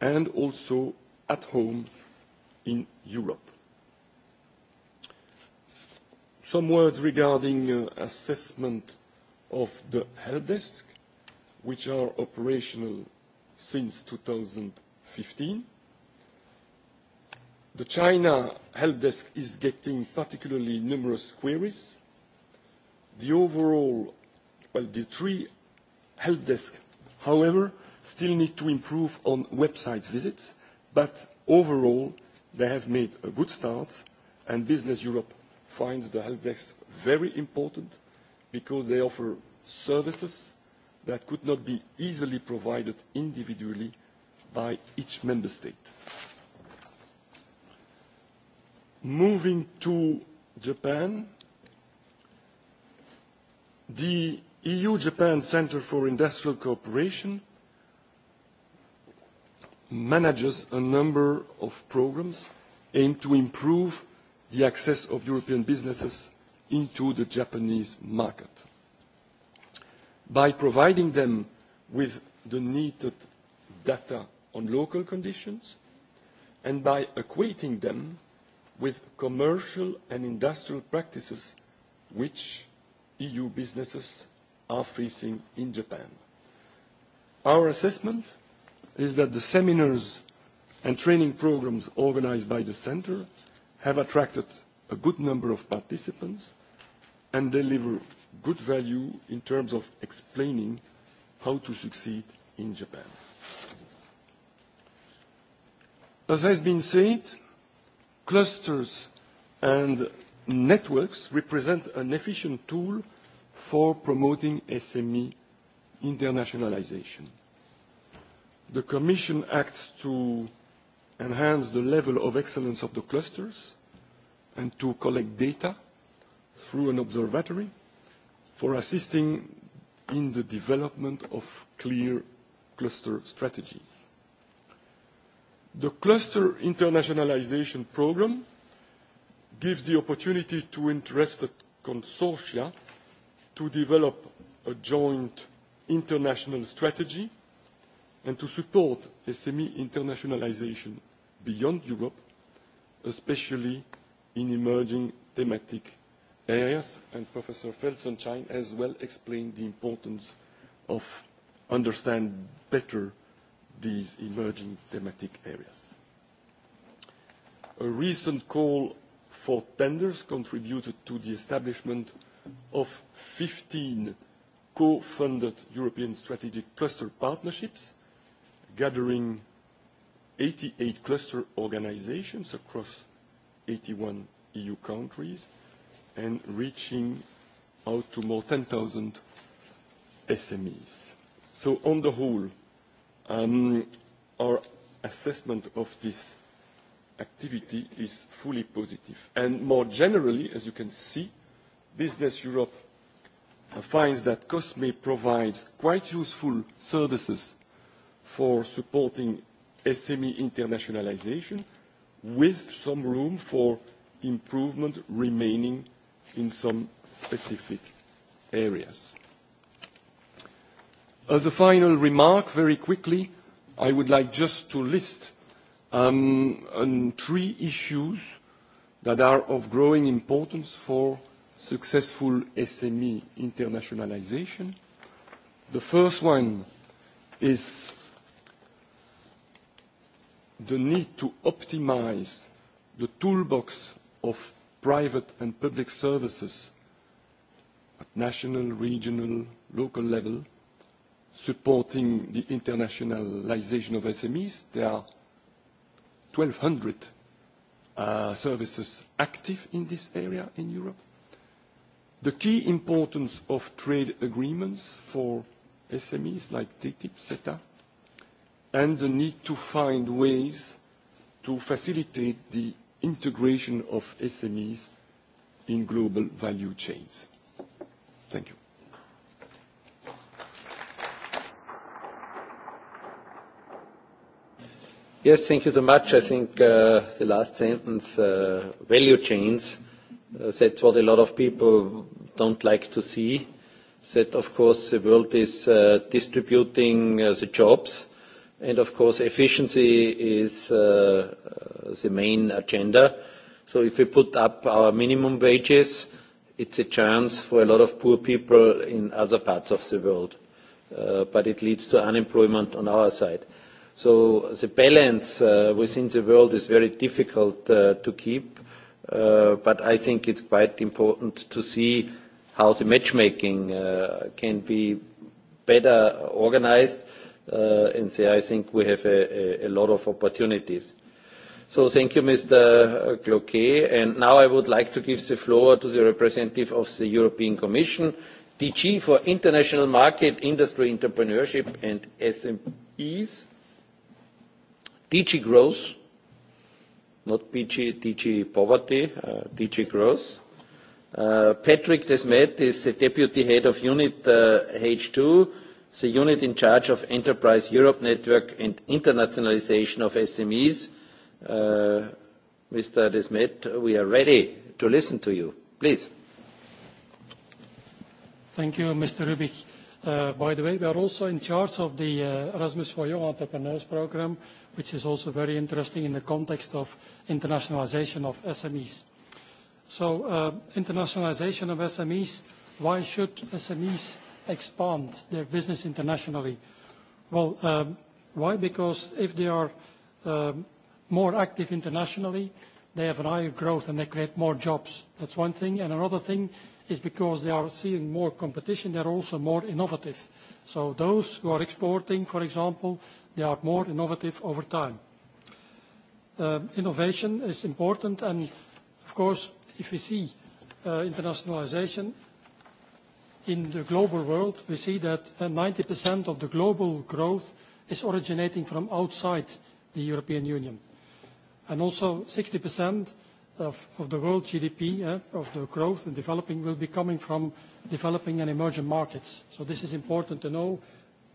and also at home in Europe. Some words regarding uh, assessment of the help desk, which are operational since 2015. The China help desk is getting particularly numerous queries. The overall, well, the three help however, still need to improve on website visits, but overall, they have made a good start, and Business Europe finds the help desk very important because they offer services that could not be easily provided individually by each member state. Moving to Japan, the EU-Japan Centre for Industrial Cooperation manages a number of programs aimed to improve the access of European businesses into the Japanese market. By providing them with the needed data on local conditions and by equating them with commercial and industrial practices which EU businesses are facing in Japan. Our assessment is that the seminars and training programs organized by the Centre have attracted a good number of participants and deliver good value in terms of explaining how to succeed in Japan. As has been said, clusters and networks represent an efficient tool for promoting SME internationalization. The Commission acts to enhance the level of excellence of the clusters and to collect data through an observatory for assisting in the development of clear cluster strategies. The cluster internationalization program gives the opportunity to interested consortia to develop a joint international strategy and to support SME internationalization beyond Europe, especially in emerging thematic areas. And Professor Felsenstein has well explained the importance of understand better these emerging thematic areas. A recent call for tenders contributed to the establishment of 15 co-funded European strategic cluster partnerships gathering 88 cluster organizations across 81 EU countries and reaching out to more 10,000 SMEs. So on the whole, um, our assessment of this activity is fully positive. And more generally, as you can see, Business Europe finds that COSME provides quite useful services for supporting SME internationalization with some room for improvement remaining in some specific areas. As a final remark, very quickly, I would like just to list um, um, three issues that are of growing importance for successful SME internationalization. The first one is the need to optimise the toolbox of private and public services at national, regional, local level, supporting the internationalisation of SMEs. There are 1,200 uh, services active in this area in Europe. The key importance of trade agreements for SMEs like TTIP, CETA, and the need to find ways to facilitate the integration of SMEs in global value chains. Thank you. Yes, thank you so much. I think uh, the last sentence, uh, value chains, uh, that's what a lot of people don't like to see. That, of course, the world is uh, distributing uh, the jobs, of course, efficiency is uh, uh, the main agenda. So if we put up our minimum wages, it's a chance for a lot of poor people in other parts of the world. Uh, but it leads to unemployment on our side. So the balance within the world is very difficult to keep, but I think it's quite important to see how the matchmaking can be better organized. Uh, and say, I think we have a, lot of opportunities. So thank you, Mr. Cloquet. And now I would like to give the floor to the representative of the European Commission, DG for International Market, Industry, Entrepreneurship, and SMEs, DG Growth, not PG, DG Poverty, uh, DG Growth. Uh, Patrick Desmet is the Deputy Head of Unit H2, the unit in charge of Enterprise Europe Network and internationalization of SMEs. Uh, Mr. Desmet, we are ready to listen to you. Please. Thank you, Mr. Rubik. Uh, by the way, we are also in charge of the uh, Erasmus for Young Entrepreneurs program, which is also very interesting in the context of internationalization of SMEs. So, uh, internationalization of SMEs, why should SMEs expand their business internationally? Well, um, why? Because if they are um, more active internationally, they have a higher growth and they create more jobs. That's one thing. And another thing is because they are seeing more competition, they're also more innovative. So those who are exporting, for example, they are more innovative over time. Um, innovation is important, and of course, if we see uh, internationalization, in the global world, we see that 90% uh, of the global growth is originating from outside the European Union. Also 60% of, the world GDP, uh, of the growth and developing, will be coming from developing and emerging markets. This is important to know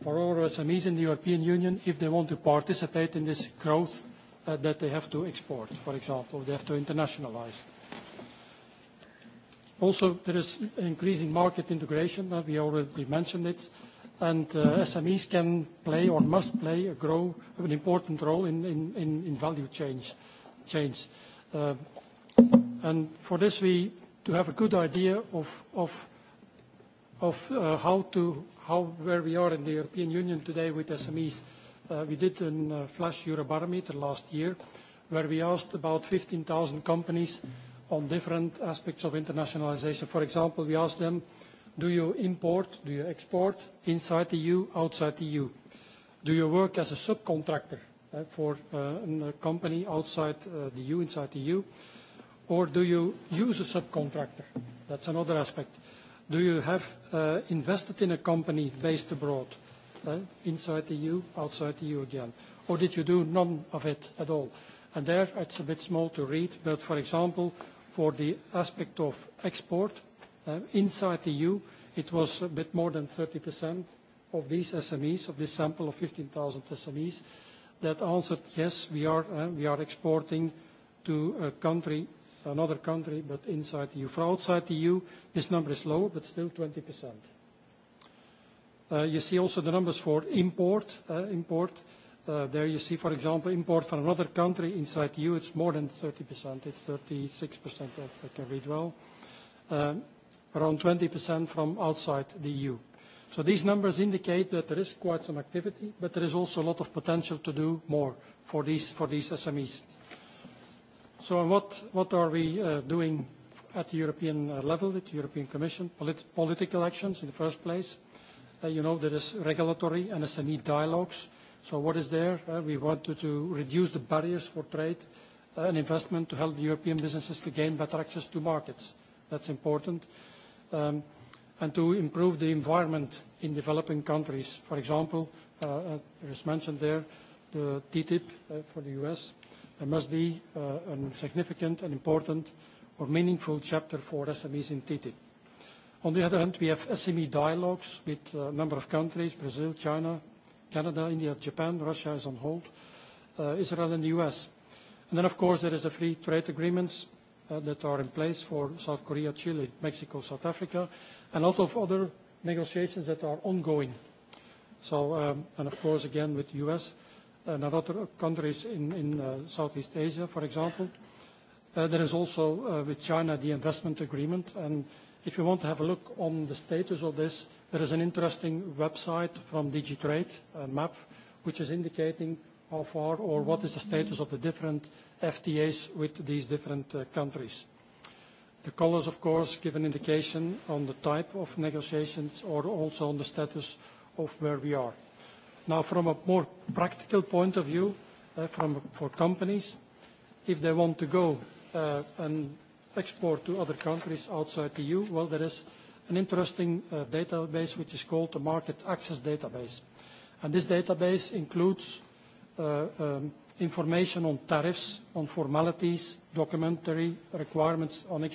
for all SMEs in the European Union if they want to participate in this growth uh, that they have to export, for example, they have to internationalize. Also, there is increasing market integration, uh, we already mentioned it, and uh, mm-hmm. SMEs can play or must play a grow, an important role in, in, in value change. change. Uh, and for this, we to have a good idea of, of, of how to how, where we are in the European Union today with SMEs. We did a flash Eurobarometer last year, where we asked about 15,000 companies on different aspects of internationalization. For example, we asked them, do you import, do you export inside the EU, outside the EU? Do you work as a subcontractor uh, for uh, a company outside uh, the EU, inside the EU? Or do you use a subcontractor? That's another aspect. Do you have invested in a company based abroad, inside the EU, outside the EU again? Or did you do none of it at all? And there, it's a bit small to read, but for example, for the aspect of export. Uh, inside the EU, it was a bit more than 30% of these SMEs, of this sample of 15,000 SMEs, that answered, "Yes, we are, uh, exporting to another country, but inside the EU." For outside the EU, this number is lower, but still 20%. Uh, you see also the numbers for import. Import Uh, there you see, for example, import from another country inside EU, it's more than 30%. It's 36%, if I can read well. Uh, around 20% from outside the EU. So these numbers indicate that there is quite some activity, but there is also a lot of potential to do more for these, for these SMEs. So what, what are we uh, doing at the European level, at the European Commission? political actions in the first place. you know, there is regulatory and SME dialogues. So what is there? Uh, we wanted to reduce the barriers for trade uh, and investment to help European businesses to gain better access to markets. That's important. Um, and to improve the environment in developing countries. For example, uh, uh it was mentioned there, the TTIP uh, for the U.S. There must be uh, a significant and important or meaningful chapter for SMEs in TTIP. On the other hand, we have SME dialogues with uh, a number of countries, Brazil, China, Canada, India, Japan, Russia is on hold, uh, Israel and the US. then, of course, there is the free trade agreements uh, that are in place for South Korea, Chile, Mexico, South Africa, and a lot of other negotiations that are ongoing. Um, of course, again, with the US and other countries in, uh, Southeast Asia, for example. there is also with China the investment agreement. if you want to have a look on the status of this, There is an interesting website from Digitrade, a map, which is indicating how far or what is the status of the different FTAs with these different uh, countries. The colors, of course, give an indication on the type of negotiations or also on the status of where we are. Now, from a more practical point of view, uh, for companies, if they want to go uh, and export to other countries outside the EU, well, there is an interesting uh, database which is called the Market Access Database. And this database includes uh, um, information on tariffs, on formalities, documentary requirements on,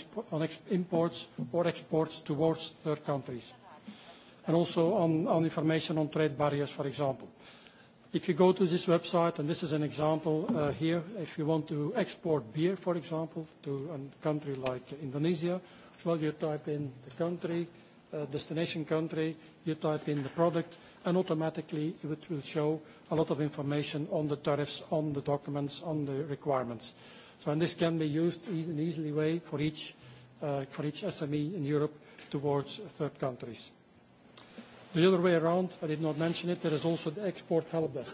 imports or exports towards third countries, and also on, information on trade barriers, for example. If you go to this website, and this is an example uh, here, if you want to export beer, for example, to a country like Indonesia, Well, you type in the country, uh, destination country, you type in the product, and automatically it will show a lot of information on the tariffs, on the documents, on the requirements. and this can be used e-, in an easy way for each, uh, SME in Europe towards third countries. The other way around, I did not mention it, there is also the export help desk.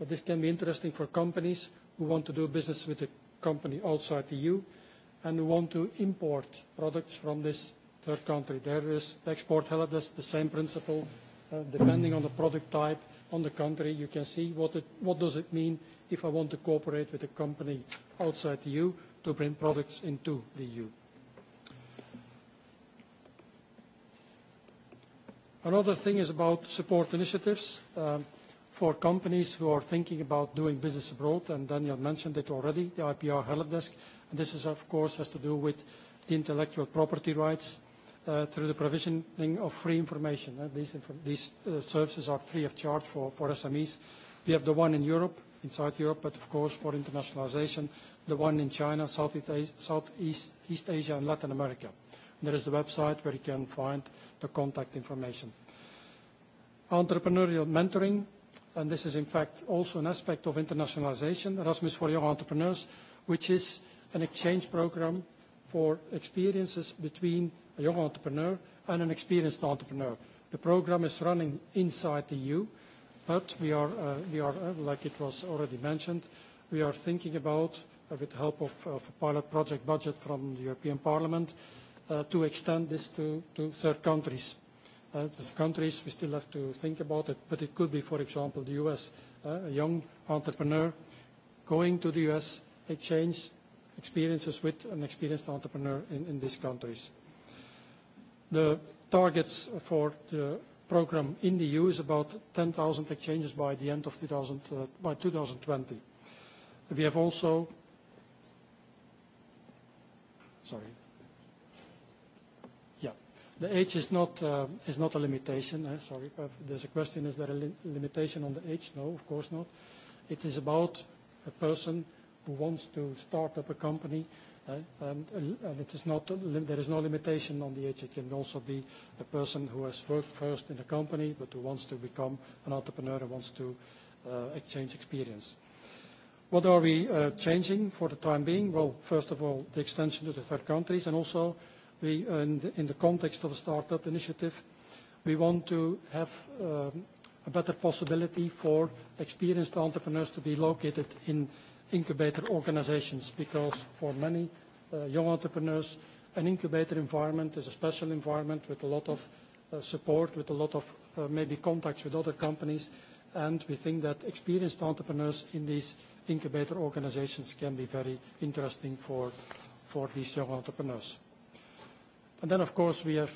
this can be interesting for companies who want to do business with a company outside the EU and who want to import products from this third country. There is the export help That's the same principle. Uh, depending on the product type, on the country, you can see what, does it mean if I want to cooperate with a company outside the EU to bring products into the EU. Another thing is about support initiatives um, for companies who are thinking about doing business abroad, and Daniel mentioned it already, the IPR help desk And this is, of course, has to do with the intellectual property rights uh, through the provisioning of free information. Uh, these uh, services are free of charge for, SMEs. We have the one in Europe, inside Europe, but of course for internationalization, the one in China, Southeast Asia, East Asia, and Latin America. there is the website where you can find the contact information. Entrepreneurial mentoring, and this is in fact also an aspect of internationalization, Erasmus for Young Entrepreneurs, which is an exchange program for experiences between a young entrepreneur and an experienced entrepreneur. The program is running inside the EU, but we are, uh, we are uh, like it was already mentioned, we are thinking about, uh, with the help of, a pilot project budget from the European Parliament, to extend this to, third countries. Third countries, we still have to think about it, but it could be, for example, the U.S. A young entrepreneur going to the U.S., exchange experiences with an experienced entrepreneur in, these countries. The targets for the program in the EU is about 10,000 exchanges by the end of 2020. Uh, We have also. Sorry. Yeah. The age is not, uh, is not a limitation. Eh, sorry. There's a question, is there a limitation on the age? No, of course not. It is about a person who wants to start up a company, uh, um, and, it is not, there is no limitation on the age. It can also be a person who has worked first in a company, but who wants to become an entrepreneur and wants to uh, exchange experience. What are we uh, changing for the time being? Well, first of all, the extension to the third countries, and also we, in, the, context of the startup initiative, we want to have um, a better possibility for experienced entrepreneurs to be located in incubator organizations because for many uh, young entrepreneurs, an incubator environment is a special environment with a lot of uh, support, with a lot of uh, maybe contacts with other companies. And we think that experienced entrepreneurs in these incubator organizations can be very interesting for, for these young entrepreneurs. And then, of course, we have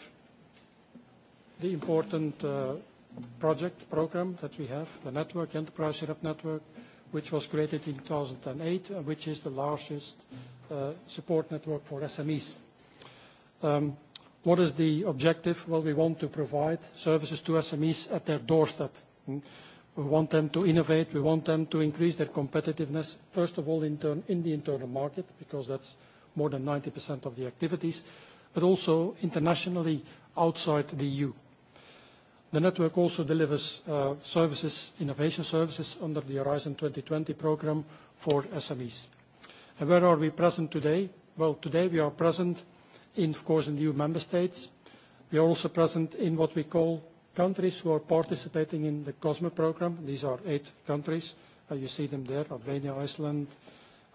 the important uh, project program that we have, the network, Enterprise Europe Network, which was created in 2008, uh, which is the largest uh, support network for SMEs. Um, what is the objective? Well, we want to provide services to SMEs at their doorstep. Hmm. We want them to innovate. We want them to increase their competitiveness, first of all, in the internal market, because that's more than 90% of the activities, but also internationally outside the EU. The network also delivers uh, services, innovation services under the Horizon 2020 program for SMEs. And where are we present today? Well, today we are present in, of course, in EU member states. We are also present in what we call countries who are participating in the COSME program. These are eight countries. Uh, you see them there, Albania, Iceland,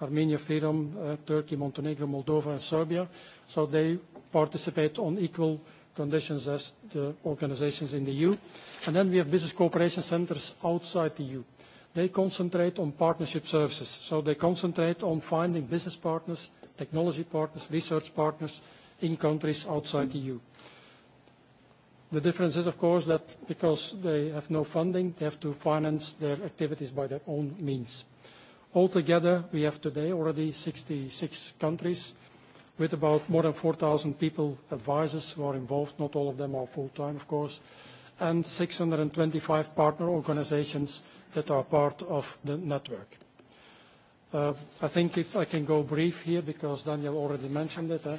Armenia, Freedom, uh, Turkey, Montenegro, Moldova, and Serbia. So they participate on equal conditions as the organizations in the EU. And then we have business cooperation centers outside the EU. They concentrate on partnership services. So they concentrate on finding business partners, technology partners, research partners in countries outside the EU. The difference is, of course, that because they have no funding, they have to finance their activities by their own means. Altogether, we have today already 66 countries with about more than 4,000 people, advisors who are involved. Not all of them are full-time, of course, and 625 partner organizations that are part of the network. Uh, I think if I can go brief here because Daniel already mentioned it. Eh?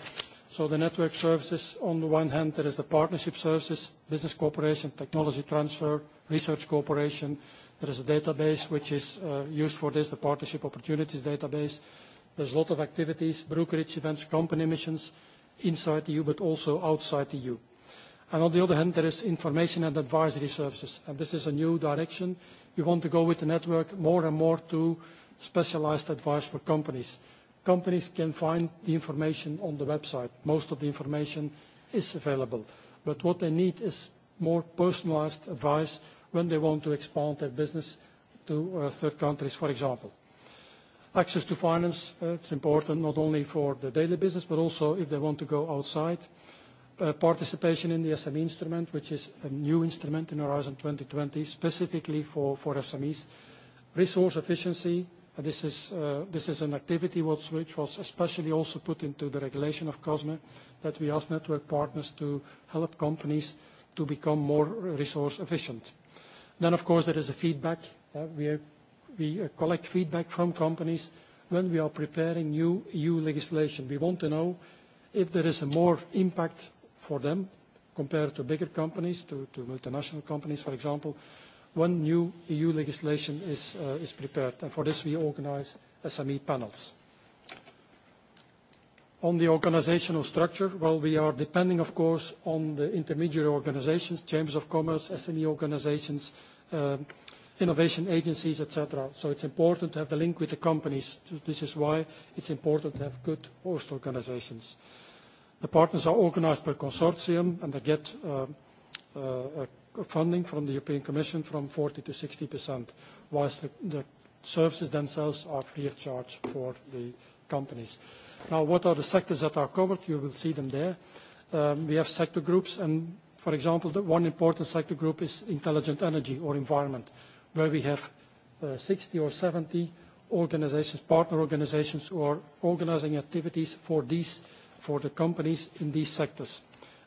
So the network services, on the one hand, there is the partnership services, business cooperation, technology transfer, research cooperation. There is a database which is uh, used for this, the Partnership Opportunities Database. There's a lot of activities, brokerage events, company missions inside the EU, but also outside the EU. on the other hand, there is information and advisory services, and this is a new direction. We want to go with the network more and more to specialized advice for companies. Companies can find the information on the website. Most of the information is available. But what they need is more personalized advice when they want to expand their business to uh, third countries, for example. Access to finance, uh, it's important not only for the daily business, but also if they want to go outside. Uh, participation in the SME instrument, which is a new instrument in Horizon 2020, specifically for, for SMEs. Resource efficiency, uh, this, is, this is an activity which was especially also put into the regulation of COSME, that we ask network partners to help companies to become more resource efficient. Then, of course, there is a feedback. We we uh, collect feedback from companies when we are preparing new EU legislation. We want to know if there is a more impact for them compared to bigger companies, to, multinational companies, for example, when new EU legislation is, uh, is prepared. And for this, we organize SME panels. On the organizational structure, well, we are depending, of course, on the intermediary organizations, chambers of commerce, SME organizations, um, innovation agencies, et cetera. So it's important to have the link with the companies. This is why it's important to have good host organizations. The partners are organized by consortium, and they get uh, uh, funding from the European Commission from 40 to 60%, whilst the, services themselves are free of charge for the companies. Now, what are the sectors that are covered? You will see them there. Um, we have sector groups, and for example, the one important sector group is intelligent energy or environment, where we have 60 uh, or 70 organizations, partner organizations, who are organizing activities for these, for the companies in these sectors.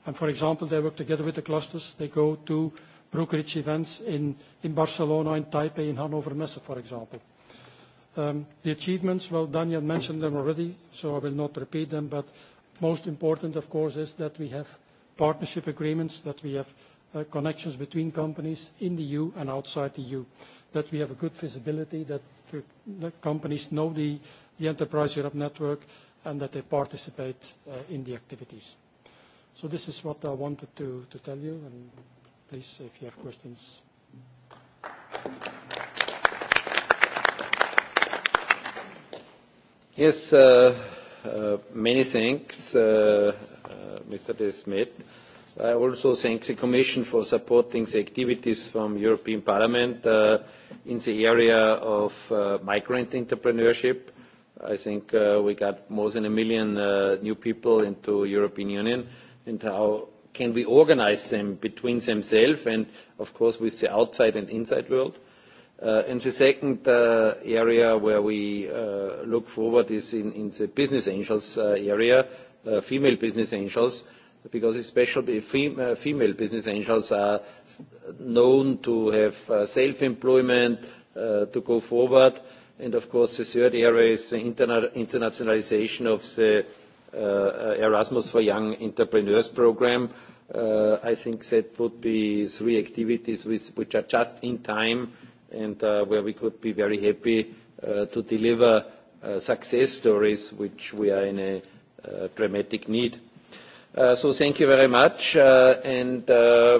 And for example, they work together with the clusters. They go to brokerage events in, Barcelona, in Taipei, in Hannover Messe, for example. Um, the achievements, well, Daniel mentioned them already, so I will not repeat them, but most important, of course, is that we have partnership agreements, that we have Uh, connections between companies in the EU and outside the EU. That we have a good visibility, that the, companies know the, the Enterprise Europe network, and that they participate uh, in the activities. So This is what I wanted to, to tell you, and please, if you have questions. Yes, uh, many thanks, Mr. De Smet. I also thank the Commission for supporting the activities from European Parliament uh, in the area of uh, migrant entrepreneurship. I think uh, we got more than a million new people into European Union and how can we organize them between themselves and of course with the outside and inside world. and the second area where we look forward is in, the business angels area, female business angels because especially uh, female business angels are known to have uh, self-employment, uh, to go forward. And of course, the third area is the interna internationalization of the uh, uh, Erasmus for Young Entrepreneurs program. Uh, I think that would be three activities with, which are just in time and uh, where we could be very happy uh, to deliver success stories, which we are in a dramatic need. Uh, so thank you very much. Uh, and uh,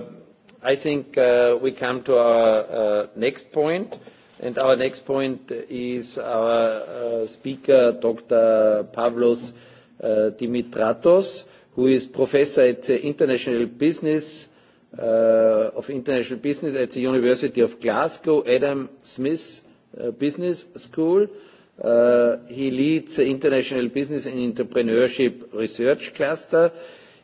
I think uh, we come to our uh, next point, and our next point is our speaker, Dr. Pavlos Dimitratos, who is professor at International Business of International Business at the University of Glasgow, Adam Smith Business School. He leads the International Business and Entrepreneurship Research Cluster,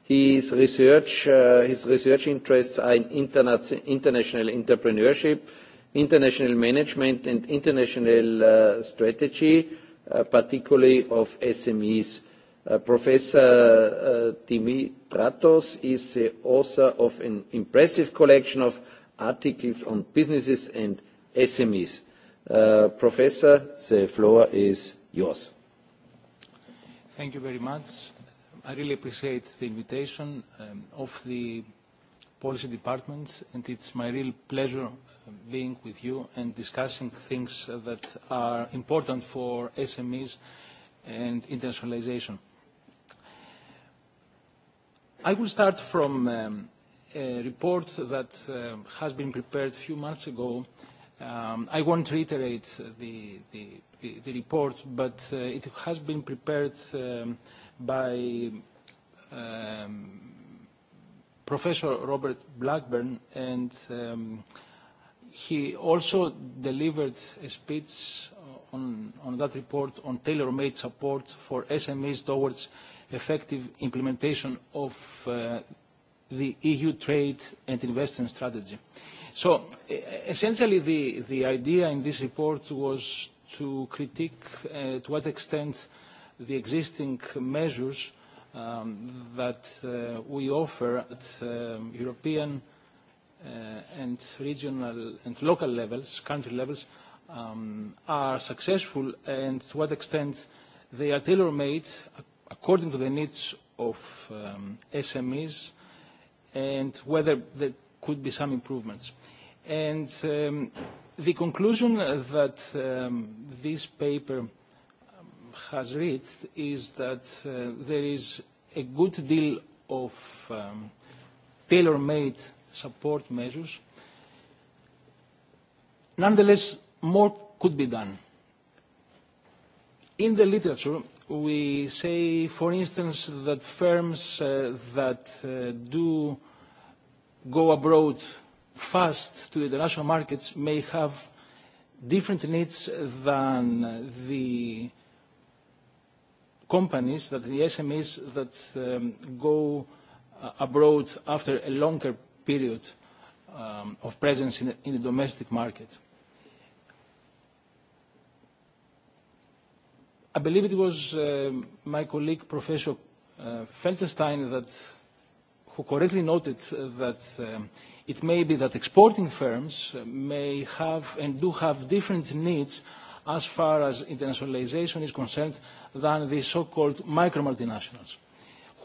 His research, uh, his research interests are in interna international entrepreneurship, international management, and international uh, strategy, uh, particularly of SMEs. Uh, Professor uh, Dimitratos is the author of an impressive collection of articles on businesses and SMEs. Uh, Professor, the floor is yours. Thank you very much. I really appreciate the invitation um, of the policy departments, and it's my real pleasure um, being with you and discussing things that are important for SMEs and internationalization. I will start from um, a report that uh, has been prepared a few months ago. Um, I won't reiterate the, the, the, the report, but uh, it has been prepared um, by um, Professor Robert Blackburn, and um, he also delivered a speech on, on that report on tailor-made support for SMEs towards effective implementation of uh, the EU trade and investment strategy. So e, essentially the, the idea in this report was to critique uh, to what extent uh, the existing measures um, that uh, we offer at um, European uh, and regional and local levels, country levels, um, are successful and to what extent they are tailor-made according to the needs of um, SMEs and whether there could be some improvements. And um, the conclusion that um, this paper uh, has reached is that uh, there is a good deal of um, tailor-made support measures. Nonetheless, more could be done. In the literature, we say, for instance, that firms uh, that uh, do go abroad fast to international markets may have different needs than the companies, that the SMEs that um, go uh, abroad after a longer period um, of presence in, the domestic market. I believe it was uh, my colleague, Professor uh, Felsenstein, that, who correctly noted that um, it may be that exporting firms uh, may have and do have different needs as far as internationalization is concerned than the so-called micro-multinationals,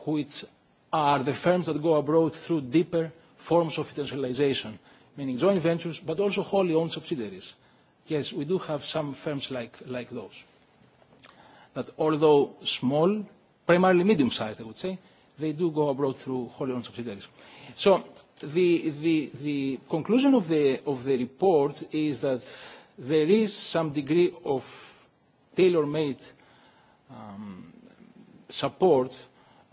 which are the firms that go abroad through deeper forms of internationalization, meaning joint ventures, but also wholly owned subsidiaries. Yes, we do have some firms like, like those. That although small, primarily medium-sized, I would say, they do go abroad through wholly owned subsidiaries. So the, the, the conclusion of the, of the report is that there is some degree of tailor-made um, support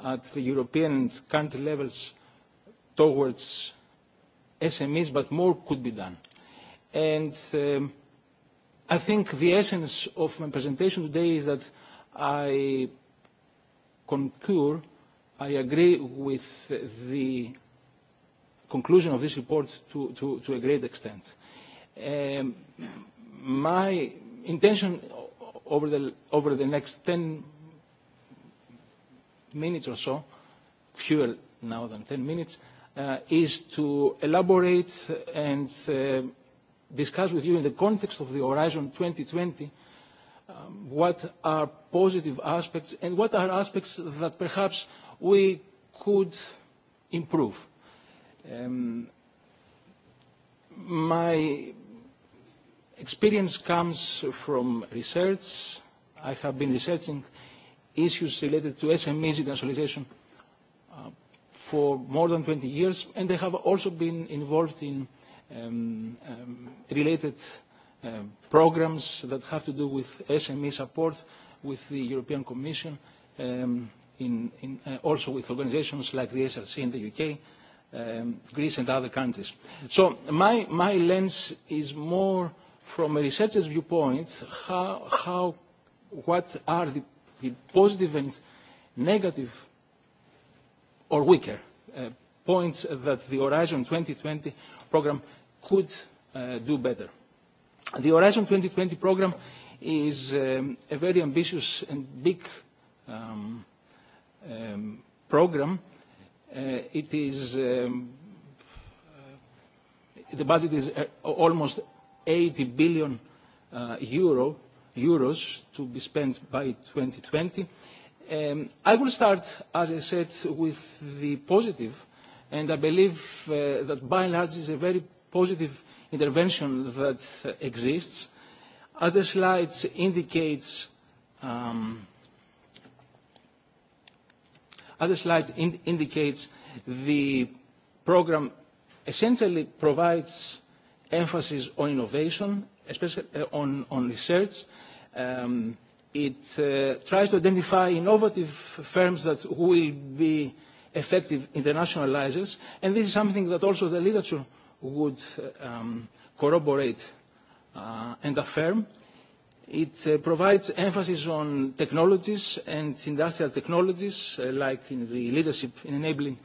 at the European country levels towards SMEs, but more could be done. And um, I think the essence of my presentation today is that I concur, I agree with the conclusion of this report to, to, to a great extent. Um, my intention over the, over the next 10 minutes or so, fewer now than 10 minutes, uh, is to elaborate and uh, discuss with you in the context of the Horizon 2020 um, what are positive aspects and what are aspects that perhaps we could improve. Um, my Experience comes from research. I have been researching issues related to SMEs e internationalization uh, for more than 20 years, and I have also been involved in um, um, related uh, programs that have to do with SME support with the European Commission, um, in, in, uh, also with organizations like the SRC in the UK, um, Greece and other countries. So my, my lens is more from a researcher's viewpoint, how, how, what are the, the positive and negative or weaker uh, points that the Horizon 2020 program could uh, do better. The Horizon 2020 program is um, a very ambitious and big um, um, program. Uh, it is, um, uh, the budget is uh, almost 80 billion uh, euro, euros to be spent by 2020. Um, I will start, as I said, with the positive, and I believe uh, that by and large is a very positive intervention that uh, exists. As the slide indicates, um, slide indicates, the program essentially provides emphasis on innovation, especially uh, on, on research. Um, it uh, tries to identify innovative firms that will be effective internationalizers, and this is something that also the literature would uh, um, corroborate uh, and affirm. It uh, provides emphasis on technologies and industrial technologies, uh, like in the leadership in enabling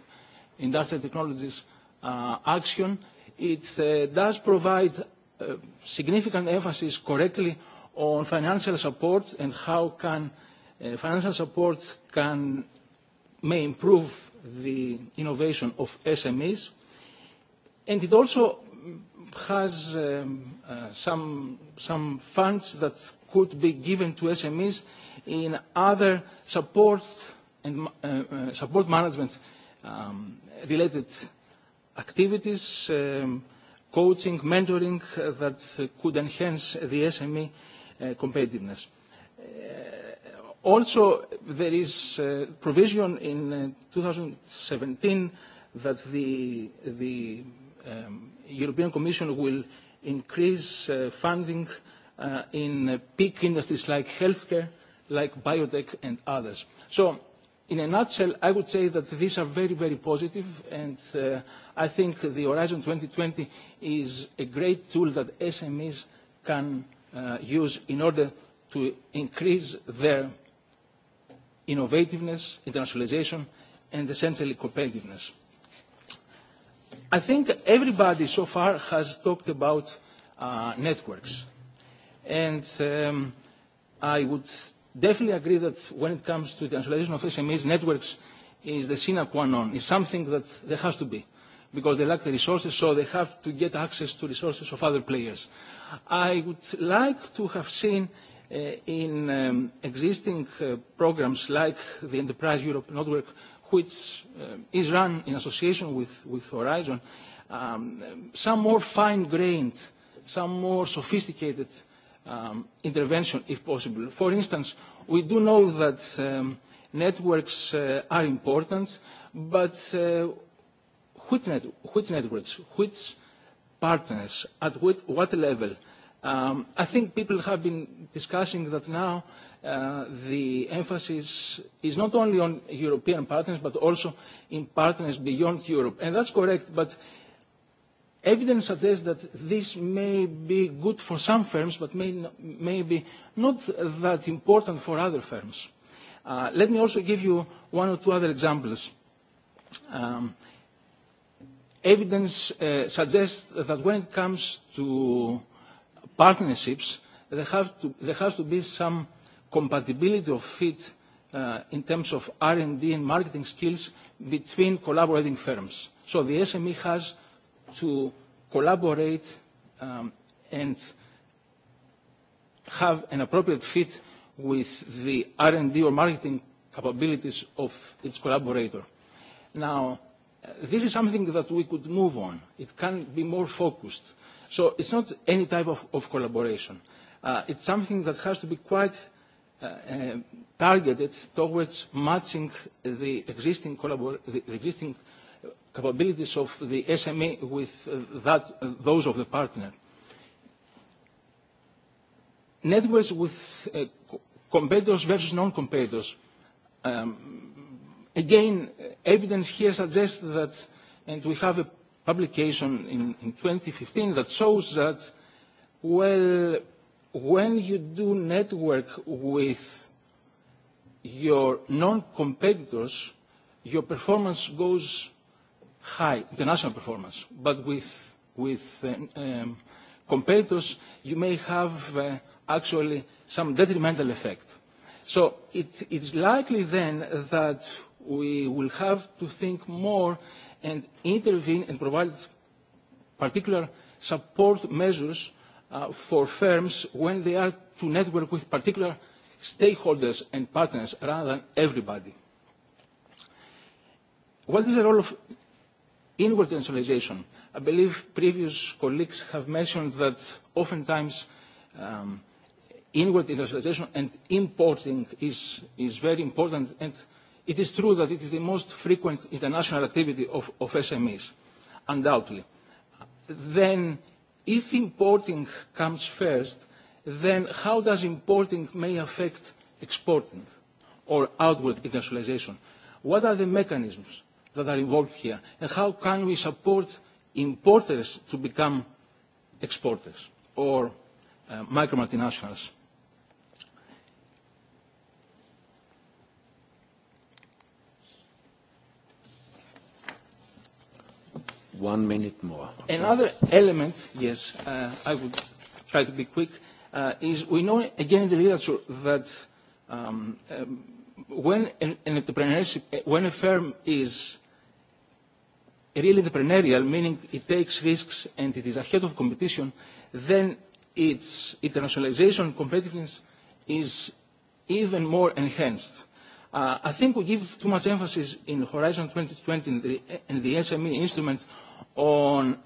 industrial technologies uh, action it uh, does provide uh, significant emphasis correctly on financial support and how can uh, financial support can may improve the innovation of SMEs. And it also has um, uh, some, some funds that could be given to SMEs in other support and uh, uh, support management um, related activities, um, coaching, mentoring uh, that could enhance the SME uh, competitiveness. Uh, also, there is uh, provision in uh, 2017 that the, the um, European Commission will increase uh, funding uh, in uh, peak industries like healthcare, like biotech and others. So in a nutshell, I would say that these are very, very positive, and uh, I think the Horizon 2020 is a great tool that SMEs can uh, use in order to increase their innovativeness, internationalization, and essentially competitiveness. I think everybody so far has talked about uh, networks. And um, I would definitely agree that when it comes to the isolation of SMEs, networks is the sine qua non. It's something that there has to be because they lack the resources, so they have to get access to resources of other players. I would like to have seen uh, in um, existing uh, programs like the Enterprise Europe Network, which uh, is run in association with, with Horizon, um, some more fine-grained, some more sophisticated uh, um, intervention if possible. For instance, we do know that um, networks uh, are important, but uh, which, net which networks, which partners, at what, what level? Um, I think people have been discussing that now uh, the emphasis is not only on European partners, but also in partners beyond Europe. And that's correct, but Evidence suggests that this may be good for some firms, but may, may be not that important for other firms. Uh, let me also give you one or two other examples. Um, evidence uh, suggests that when it comes to partnerships, there, have to, there has to be some compatibility of fit uh, in terms of R&D and marketing skills between collaborating firms. So the SME has to collaborate um, and have an appropriate fit with the R&D or marketing capabilities of its collaborator. Now, this is something that we could move on. It can be more focused. So it's not any type of, of collaboration. Uh, it's something that has to be quite uh, uh, targeted towards matching the existing, the, the existing capabilities of the SME with uh, that, uh, those of the partner. Networks with uh, competitors versus non-competitors. Um, again, evidence here suggests that, and we have a publication in, in 2015 that shows that, well, when you do network with your non-competitors, your performance goes high international performance, but with, with uh, um, competitors, you may have uh, actually some detrimental effect. So it, it's likely then that we will have to think more and intervene and provide particular support measures uh, for firms when they are to network with particular stakeholders and partners rather than everybody. What is the role of inward nationalization. I believe previous colleagues have mentioned that oftentimes um, inward industrialization and importing is, is very important, and it is true that it is the most frequent international activity of, of SMEs, undoubtedly. Then, if importing comes first, then how does importing may affect exporting or outward internationalization? What are the mechanisms? that are involved here? And how can we support importers to become exporters or uh, micro multinationals? One minute more. Okay. Another element, yes, uh, I would try to be quick, uh, is we know again in the literature that um, um, when an, an entrepreneurship, when a firm is real entrepreneurial, meaning it takes risks and it is ahead of competition, then its internationalization competitiveness is even more enhanced. Uh, I think we give too much emphasis in Horizon 2020 and the, and the SME instrument on,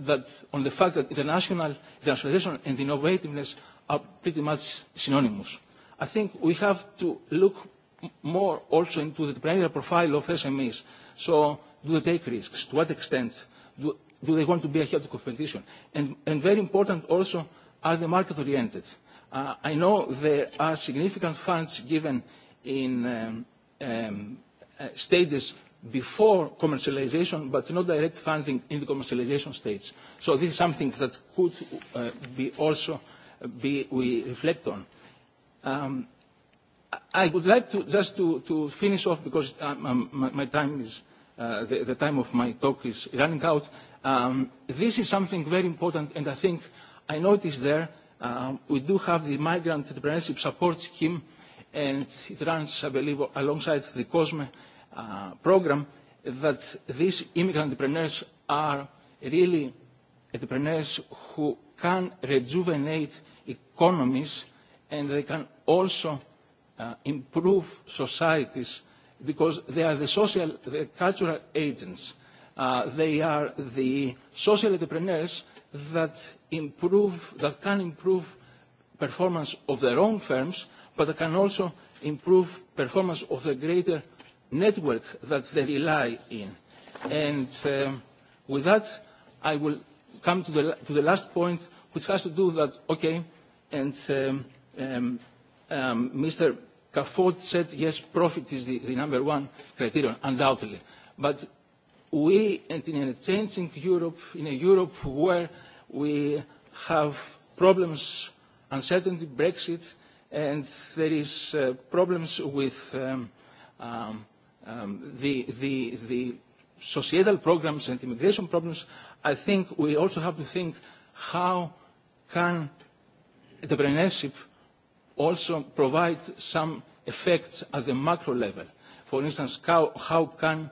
that, on the fact that international, internationalization and innovativeness are pretty much synonymous. I think we have to look more also into the entrepreneurial profile of SMEs. So do they take risks? To what extent? Do, do they want to be ahead of competition? And, and very important also, are they market-oriented? Uh, I know there are significant funds given in um, um, uh, stages before commercialization, but no direct funding in the commercialization stage. So this is something that could uh, be also uh, be we reflect on. Um, I would like to just to, to finish off because um, my, my time is Uh, the, the time of my talk is running out. Um, this is something very important, and I think I noticed there um, we do have the Migrant Entrepreneurship Support Scheme, and it runs, I believe, alongside the COSME uh, program, that these immigrant entrepreneurs are really entrepreneurs who can rejuvenate economies and they can also uh, improve societies because they are the social, the cultural agents. Uh, they are the social entrepreneurs that improve, that can improve performance of their own firms, but that can also improve performance of the greater network that they rely in. And um, with that, I will come to the, to the last point, which has to do that, okay, and um, um, um, Mr. Carrefour said, yes, profit is the, the number one criterion, undoubtedly. But we, and in a changing Europe, in a Europe where we have problems, uncertainty, Brexit, and there is uh, problems with um, um, um, the, the, the societal programs and immigration problems, I think we also have to think how can entrepreneurship – also provide some effects at the macro level. For instance, how, how can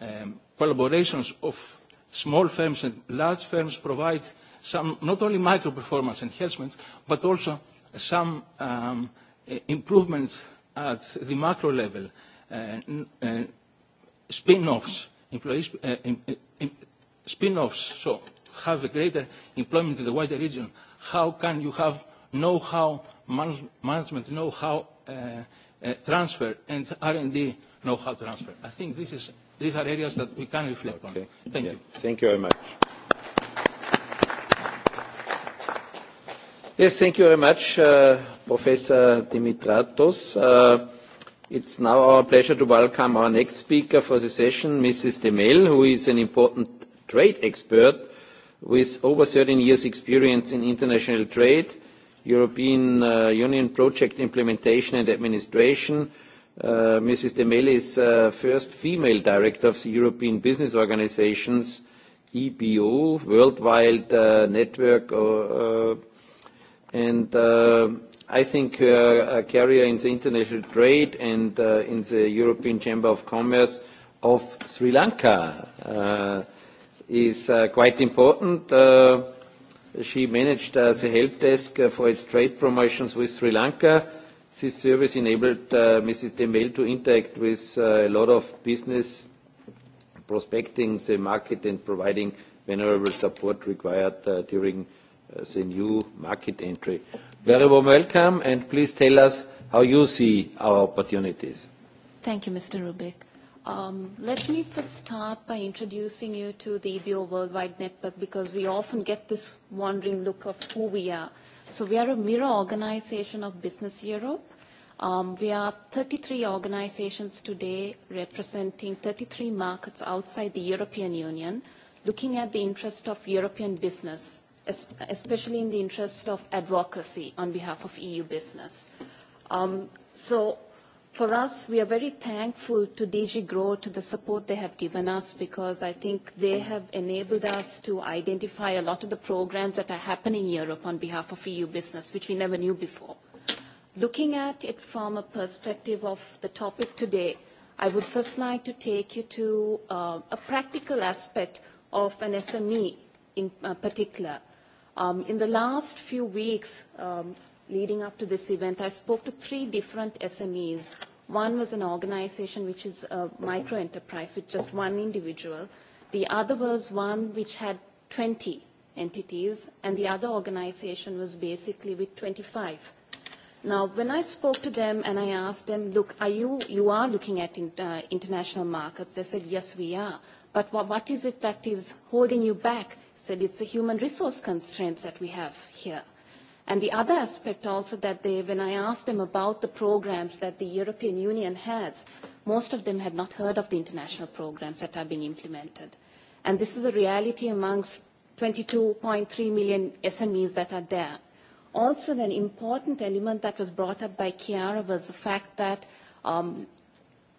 um, collaborations of small firms and large firms provide some, not only micro performance enhancements, but also some um, improvements at the macro level, uh, uh, spin-offs, employees, uh, in, in, spin-offs, so have a greater employment in the wider region. How can you have know-how management know-how uh, uh, transfer and R&D know-how transfer. I think this is, these are areas that we can reflect okay. on. Thank yeah. you. Thank you very much. Yes, thank you very much, uh, Professor Dimitratos. Uh, it's now our pleasure to welcome our next speaker for the session, Mrs. Demel, who is an important trade expert with over 13 years' experience in international trade European uh, Union project implementation and administration. Uh, Mrs. de Mele is the uh, first female director of the European Business organisation's EBO, worldwide network, and I think her career in international trade and in the European Chamber of Commerce of Sri Lanka is quite important. She managed uh, the help desk uh, for its trade promotions with Sri Lanka. This service enabled uh, Mrs. de to interact with uh, a lot of business, prospecting the market and providing whenever support required uh, during uh, the new market entry. Very warm welcome, and please tell us how you see our opportunities. Thank you, Mr. Rubik. Um, let me first start by introducing you to the EBO Worldwide Network because we often get this wandering look of who we are. So we are a mirror organization of Business Europe. Um, we are 33 organizations today representing 33 markets outside the European Union, looking at the interest of European business, especially in the interest of advocacy on behalf of EU business. Um, so for us, we are very thankful to DG Grow to the support they have given us because I think they have enabled us to identify a lot of the programs that are happening in Europe on behalf of EU business, which we never knew before. Looking at it from a perspective of the topic today, I would first like to take you to uh, a practical aspect of an SME in uh, particular. Um, in the last few weeks um, leading up to this event, I spoke to three different SMEs One was an organization which is a micro enterprise with just one individual. The other was one which had 20 entities, and the other organization was basically with 25. Now, when I spoke to them and I asked them, look, are you, you are looking at in, uh, international markets? They said, yes, we are. But what, what is it that is holding you back? Said, it's the human resource constraints that we have here. And the other aspect also that they, when I asked them about the programs that the European Union has, most of them had not heard of the international programs that are being implemented. And this is a reality amongst 22.3 million SMEs that are there. Also, an important element that was brought up by Chiara was the fact that um,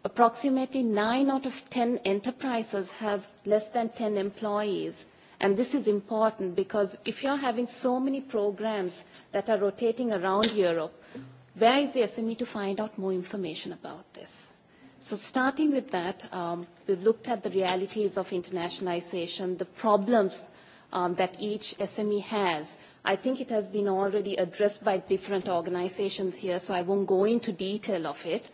approximately 9 out of 10 enterprises have less than 10 employees And this is important because if you're having so many programs that are rotating around Europe, where is the SME to find out more information about this? So starting with that, um, we've looked at the realities of internationalization, the problems um, that each SME has. I think it has been already addressed by different organizations here, so I won't go into detail of it.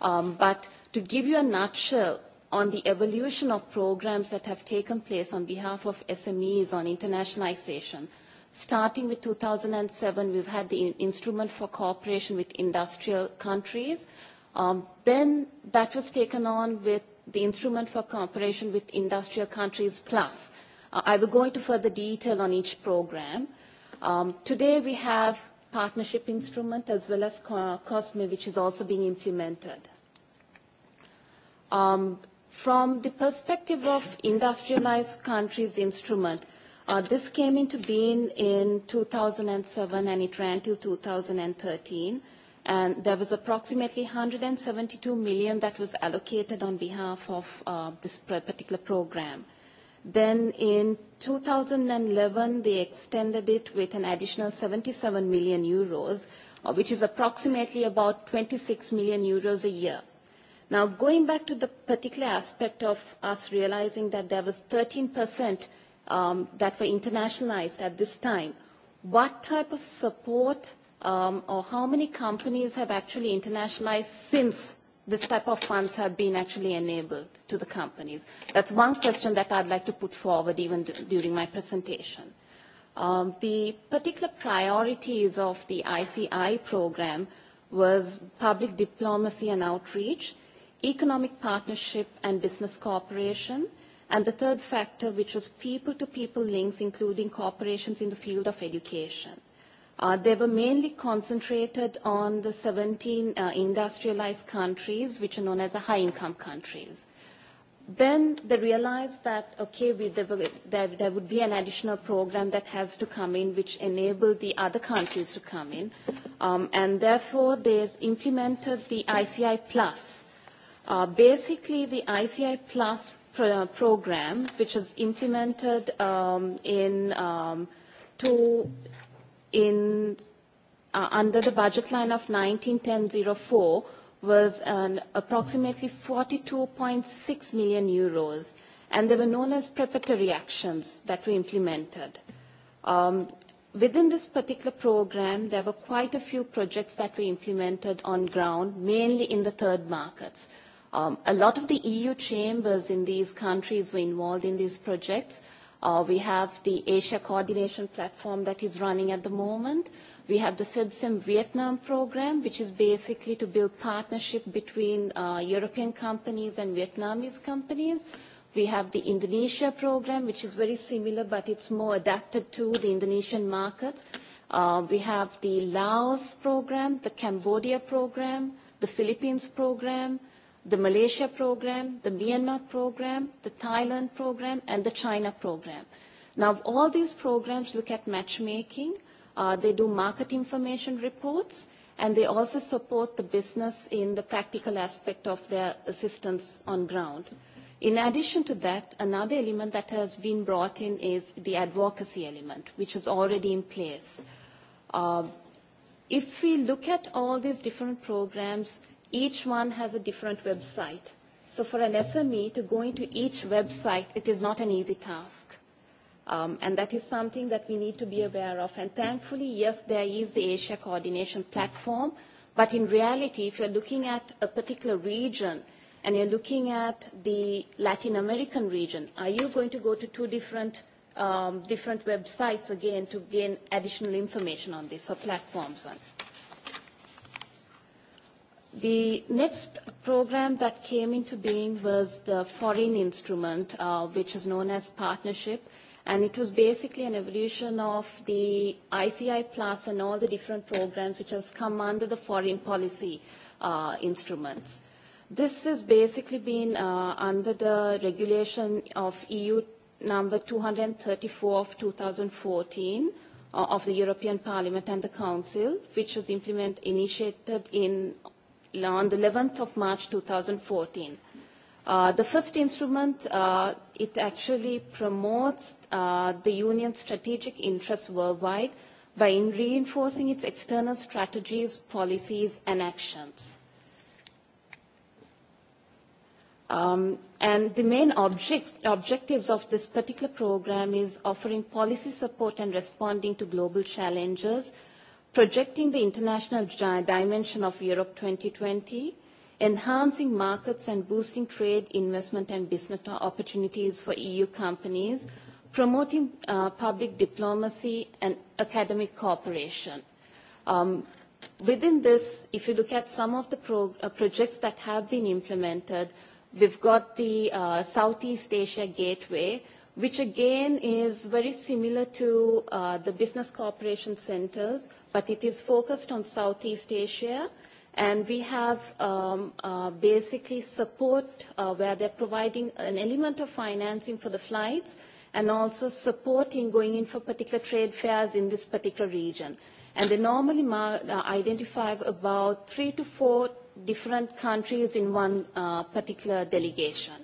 Um, but to give you a nutshell on the evolution of programs that have taken place on behalf of SMEs on internationalization. Starting with 2007, we've had the Instrument for Cooperation with Industrial Countries. Um, then that was taken on with the Instrument for Cooperation with Industrial Countries Plus. Uh, I will go into further detail on each program. Um, today we have partnership instrument as well as COSME, which is also being implemented. Um, From the perspective of industrialized countries instrument, uh, this came into being in 2007 and it ran till 2013. And there was approximately 172 million that was allocated on behalf of uh, this particular program. Then in 2011, they extended it with an additional 77 million euros, uh, which is approximately about 26 million euros a year. Now, going back to the particular aspect of us realizing that there was 13% um, that were internationalized at this time, what type of support um, or how many companies have actually internationalized since this type of funds have been actually enabled to the companies? That's one question that I'd like to put forward even during my presentation. Um, the particular priorities of the ICI program was public diplomacy and outreach, economic partnership and business cooperation, and the third factor, which was people-to-people -people links, including corporations in the field of education. Uh, they were mainly concentrated on the 17 uh, industrialized countries, which are known as the high-income countries. Then they realized that, okay, we, there, were, there, there would be an additional program that has to come in, which enabled the other countries to come in. Um, and therefore, they implemented the ICI Plus, Uh, basically, the ICI Plus program, which is implemented um, in um, to in uh, under the budget line of 191004 was an approximately 42.6 million euros, and they were known as preparatory actions that were implemented. Um, within this particular program, there were quite a few projects that were implemented on ground, mainly in the third markets. Um, a lot of the EU chambers in these countries were involved in these projects. Uh, we have the Asia Coordination Platform that is running at the moment. We have the SIBSIM Vietnam program, which is basically to build partnership between uh, European companies and Vietnamese companies. We have the Indonesia program, which is very similar, but it's more adapted to the Indonesian market. Uh, we have the Laos program, the Cambodia program, the Philippines program, the Malaysia program, the Myanmar program, the Thailand program, and the China program. Now, all these programs look at matchmaking. Uh, they do market information reports, and they also support the business in the practical aspect of their assistance on ground. In addition to that, another element that has been brought in is the advocacy element, which is already in place. Uh, if we look at all these different programs, each one has a different website. So for an SME to go into each website, it is not an easy task. Um, and that is something that we need to be aware of. And thankfully, yes, there is the Asia Coordination Platform, but in reality, if you're looking at a particular region and you're looking at the Latin American region, are you going to go to two different um, different websites again to gain additional information on this or platforms on? The next program that came into being was the foreign instrument, uh, which is known as partnership. And it was basically an evolution of the ICI Plus and all the different programs which has come under the foreign policy uh, instruments. This has basically been uh, under the regulation of EU number 234 of 2014 uh, of the European Parliament and the Council, which was implemented initiated in on the 11th of March 2014. Uh, the first instrument, uh, it actually promotes uh, the Union's strategic interests worldwide by reinforcing its external strategies, policies, and actions. Um, and the main object, objectives of this particular program is offering policy support and responding to global challenges, projecting the international dimension of Europe 2020, enhancing markets and boosting trade, investment, and business opportunities for EU companies, promoting uh, public diplomacy and academic cooperation. Um, within this, if you look at some of the pro uh, projects that have been implemented, we've got the uh, Southeast Asia Gateway, which again is very similar to uh, the business cooperation centers, but it is focused on Southeast Asia. And we have um, uh, basically support uh, where they're providing an element of financing for the flights and also support in going in for particular trade fairs in this particular region. And they normally mar- uh, identify about three to four different countries in one uh, particular delegation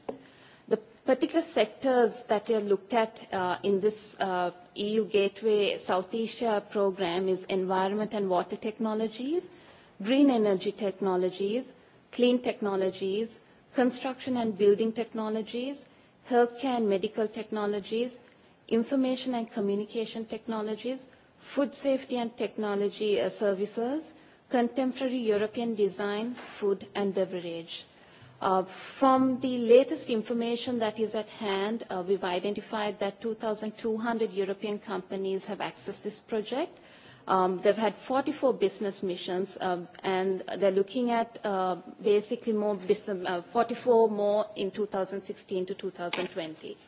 particular sectors that are looked at uh, in this uh, EU Gateway South Asia program is environment and water technologies, green energy technologies, clean technologies, construction and building technologies, healthcare and medical technologies, information and communication technologies, food safety and technology uh, services, contemporary European design, food and beverage. Uh, from the latest information that is at hand, uh, we've identified that 2,200 European companies have accessed this project. Um, they've had 44 business missions, uh, and they're looking at uh, basically more business, um, uh, 44 more in 2016 to 2020.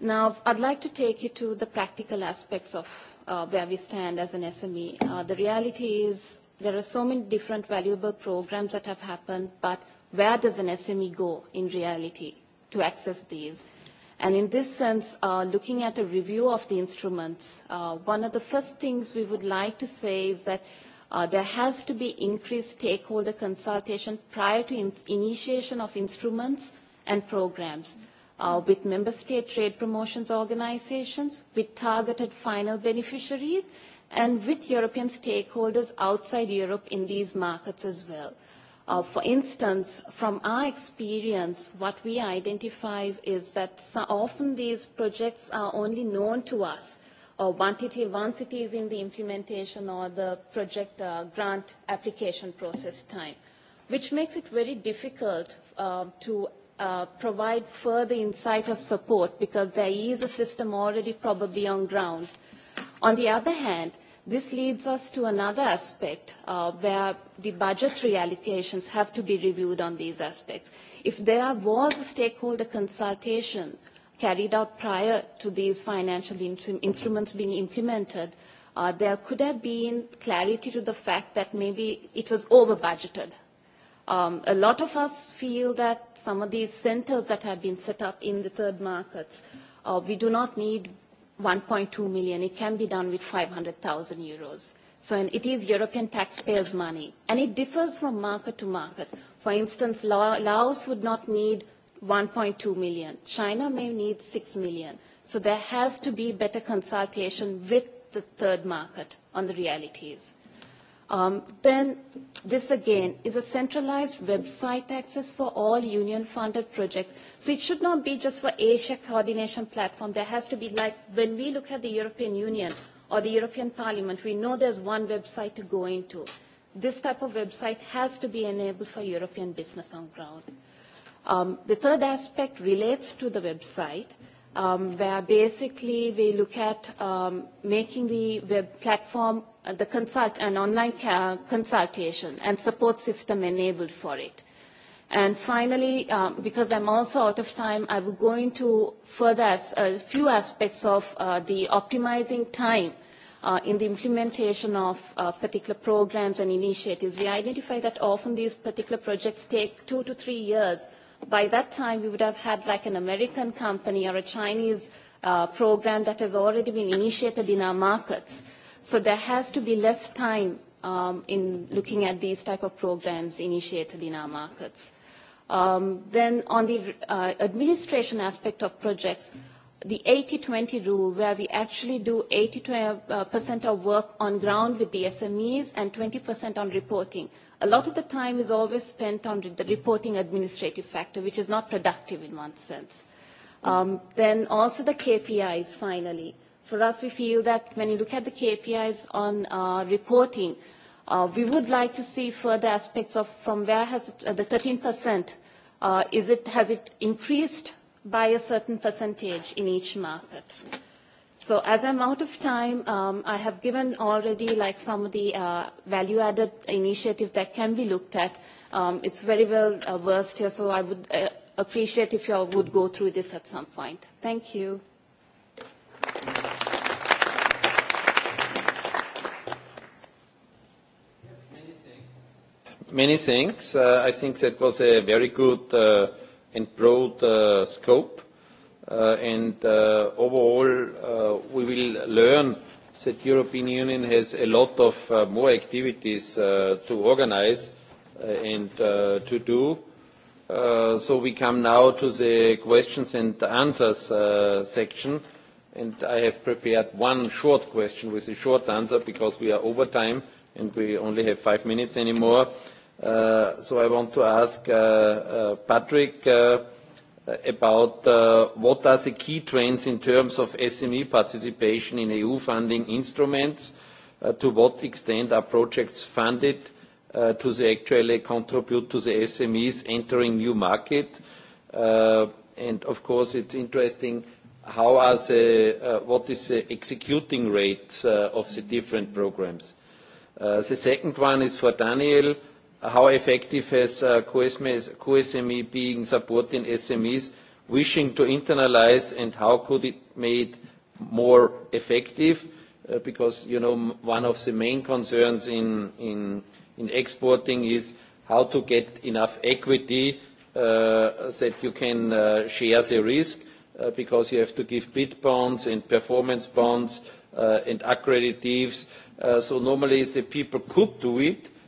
Now, I'd like to take you to the practical aspects of uh, where we stand as an SME. Uh, the reality is there are so many different valuable programs that have happened, but where does an SME go in reality to access these? And in this sense, uh, looking at a review of the instruments, uh, one of the first things we would like to say is that uh, there has to be increased stakeholder consultation prior to in initiation of instruments and programs uh, with member state trade promotions organizations, with targeted final beneficiaries, and with European stakeholders outside Europe in these markets as well. Uh, for instance, from our experience, what we identify is that so often these projects are only known to us or once it, once it is in the implementation or the project uh, grant application process time, which makes it very difficult uh, to Uh, provide further insight or support because there is a system already probably on ground On the other hand, this leads us to another aspect uh, where the budgetary allocations have to be reviewed on these aspects. If there was a stakeholder consultation carried out prior to these financial instruments being implemented, uh, there could have been clarity to the fact that maybe it was over-budgeted. Um, a lot of us feel that some of these centers that have been set up in the third markets, uh, we do not need 1.2 million. It can be done with 500,000 euros. So and it is European taxpayers' money. And it differs from market to market. For instance, Laos would not need 1.2 million. China may need 6 million. So there has to be better consultation with the third market on the realities. Um, then this again is a centralized website access for all union funded projects. So it should not be just for Asia coordination platform. There has to be like when we look at the European Union or the European Parliament, we know there's one website to go into. This type of website has to be enabled for European business on ground. Um, the third aspect relates to the website um, where basically we look at um, making the web platform uh, the consult an online consultation and support system enabled for it. And finally, um, because I'm also out of time, I will go into further as, a few aspects of uh, the optimizing time uh, in the implementation of uh, particular programs and initiatives. We identify that often these particular projects take two to three years by that time we would have had like an American company or a Chinese uh, program that has already been initiated in our markets. So there has to be less time um, in looking at these type of programs initiated in our markets. Um, then on the uh, administration aspect of projects, the 80-20 rule where we actually do 80% uh, of work on ground with the SMEs and 20% on reporting – a lot of the time is always spent on the reporting administrative factor, which is not productive in one sense. Um, then also the KPIs, finally. For us, we feel that when you look at the KPIs on uh, reporting, uh, we would like to see further aspects of from where has it, uh, the 13%, uh, is it, has it increased by a certain percentage in each market? So as I'm out of time, um, I have given already like some of the uh, value-added initiatives that can be looked at. Um, it's very well uh, versed here, so I would uh, appreciate if you all would go through this at some point. Thank you. Many thanks. Uh, I think that was a very good uh, and broad uh, scope Uh, and uh, overall, uh, we will learn that European Union has a lot of uh, more activities uh, to organize uh, and uh, to do. Uh, so we come now to the questions and answers uh, section. And I have prepared one short question with a short answer because we are over time and we only have five minutes anymore. Uh, so I want to ask uh, uh, Patrick, uh, Uh, about uh, what are the key trends in terms of SME participation in EU funding instruments, uh, to what extent are projects funded to actually contribute to the SMEs entering new market. And of course, it's interesting how are the what is the executing rate of the different programs. The second one is for Daniel how effective has QSME uh, e, been supporting SMEs wishing to internalize, and how could it made more effective? Uh, because, you know, one of the main concerns in, in, in exporting is how to get enough equity uh, that you can uh, share the risk, uh, because you have to give bid bonds and performance bonds, uh, and accreditives. Uh, so normally the people could do it,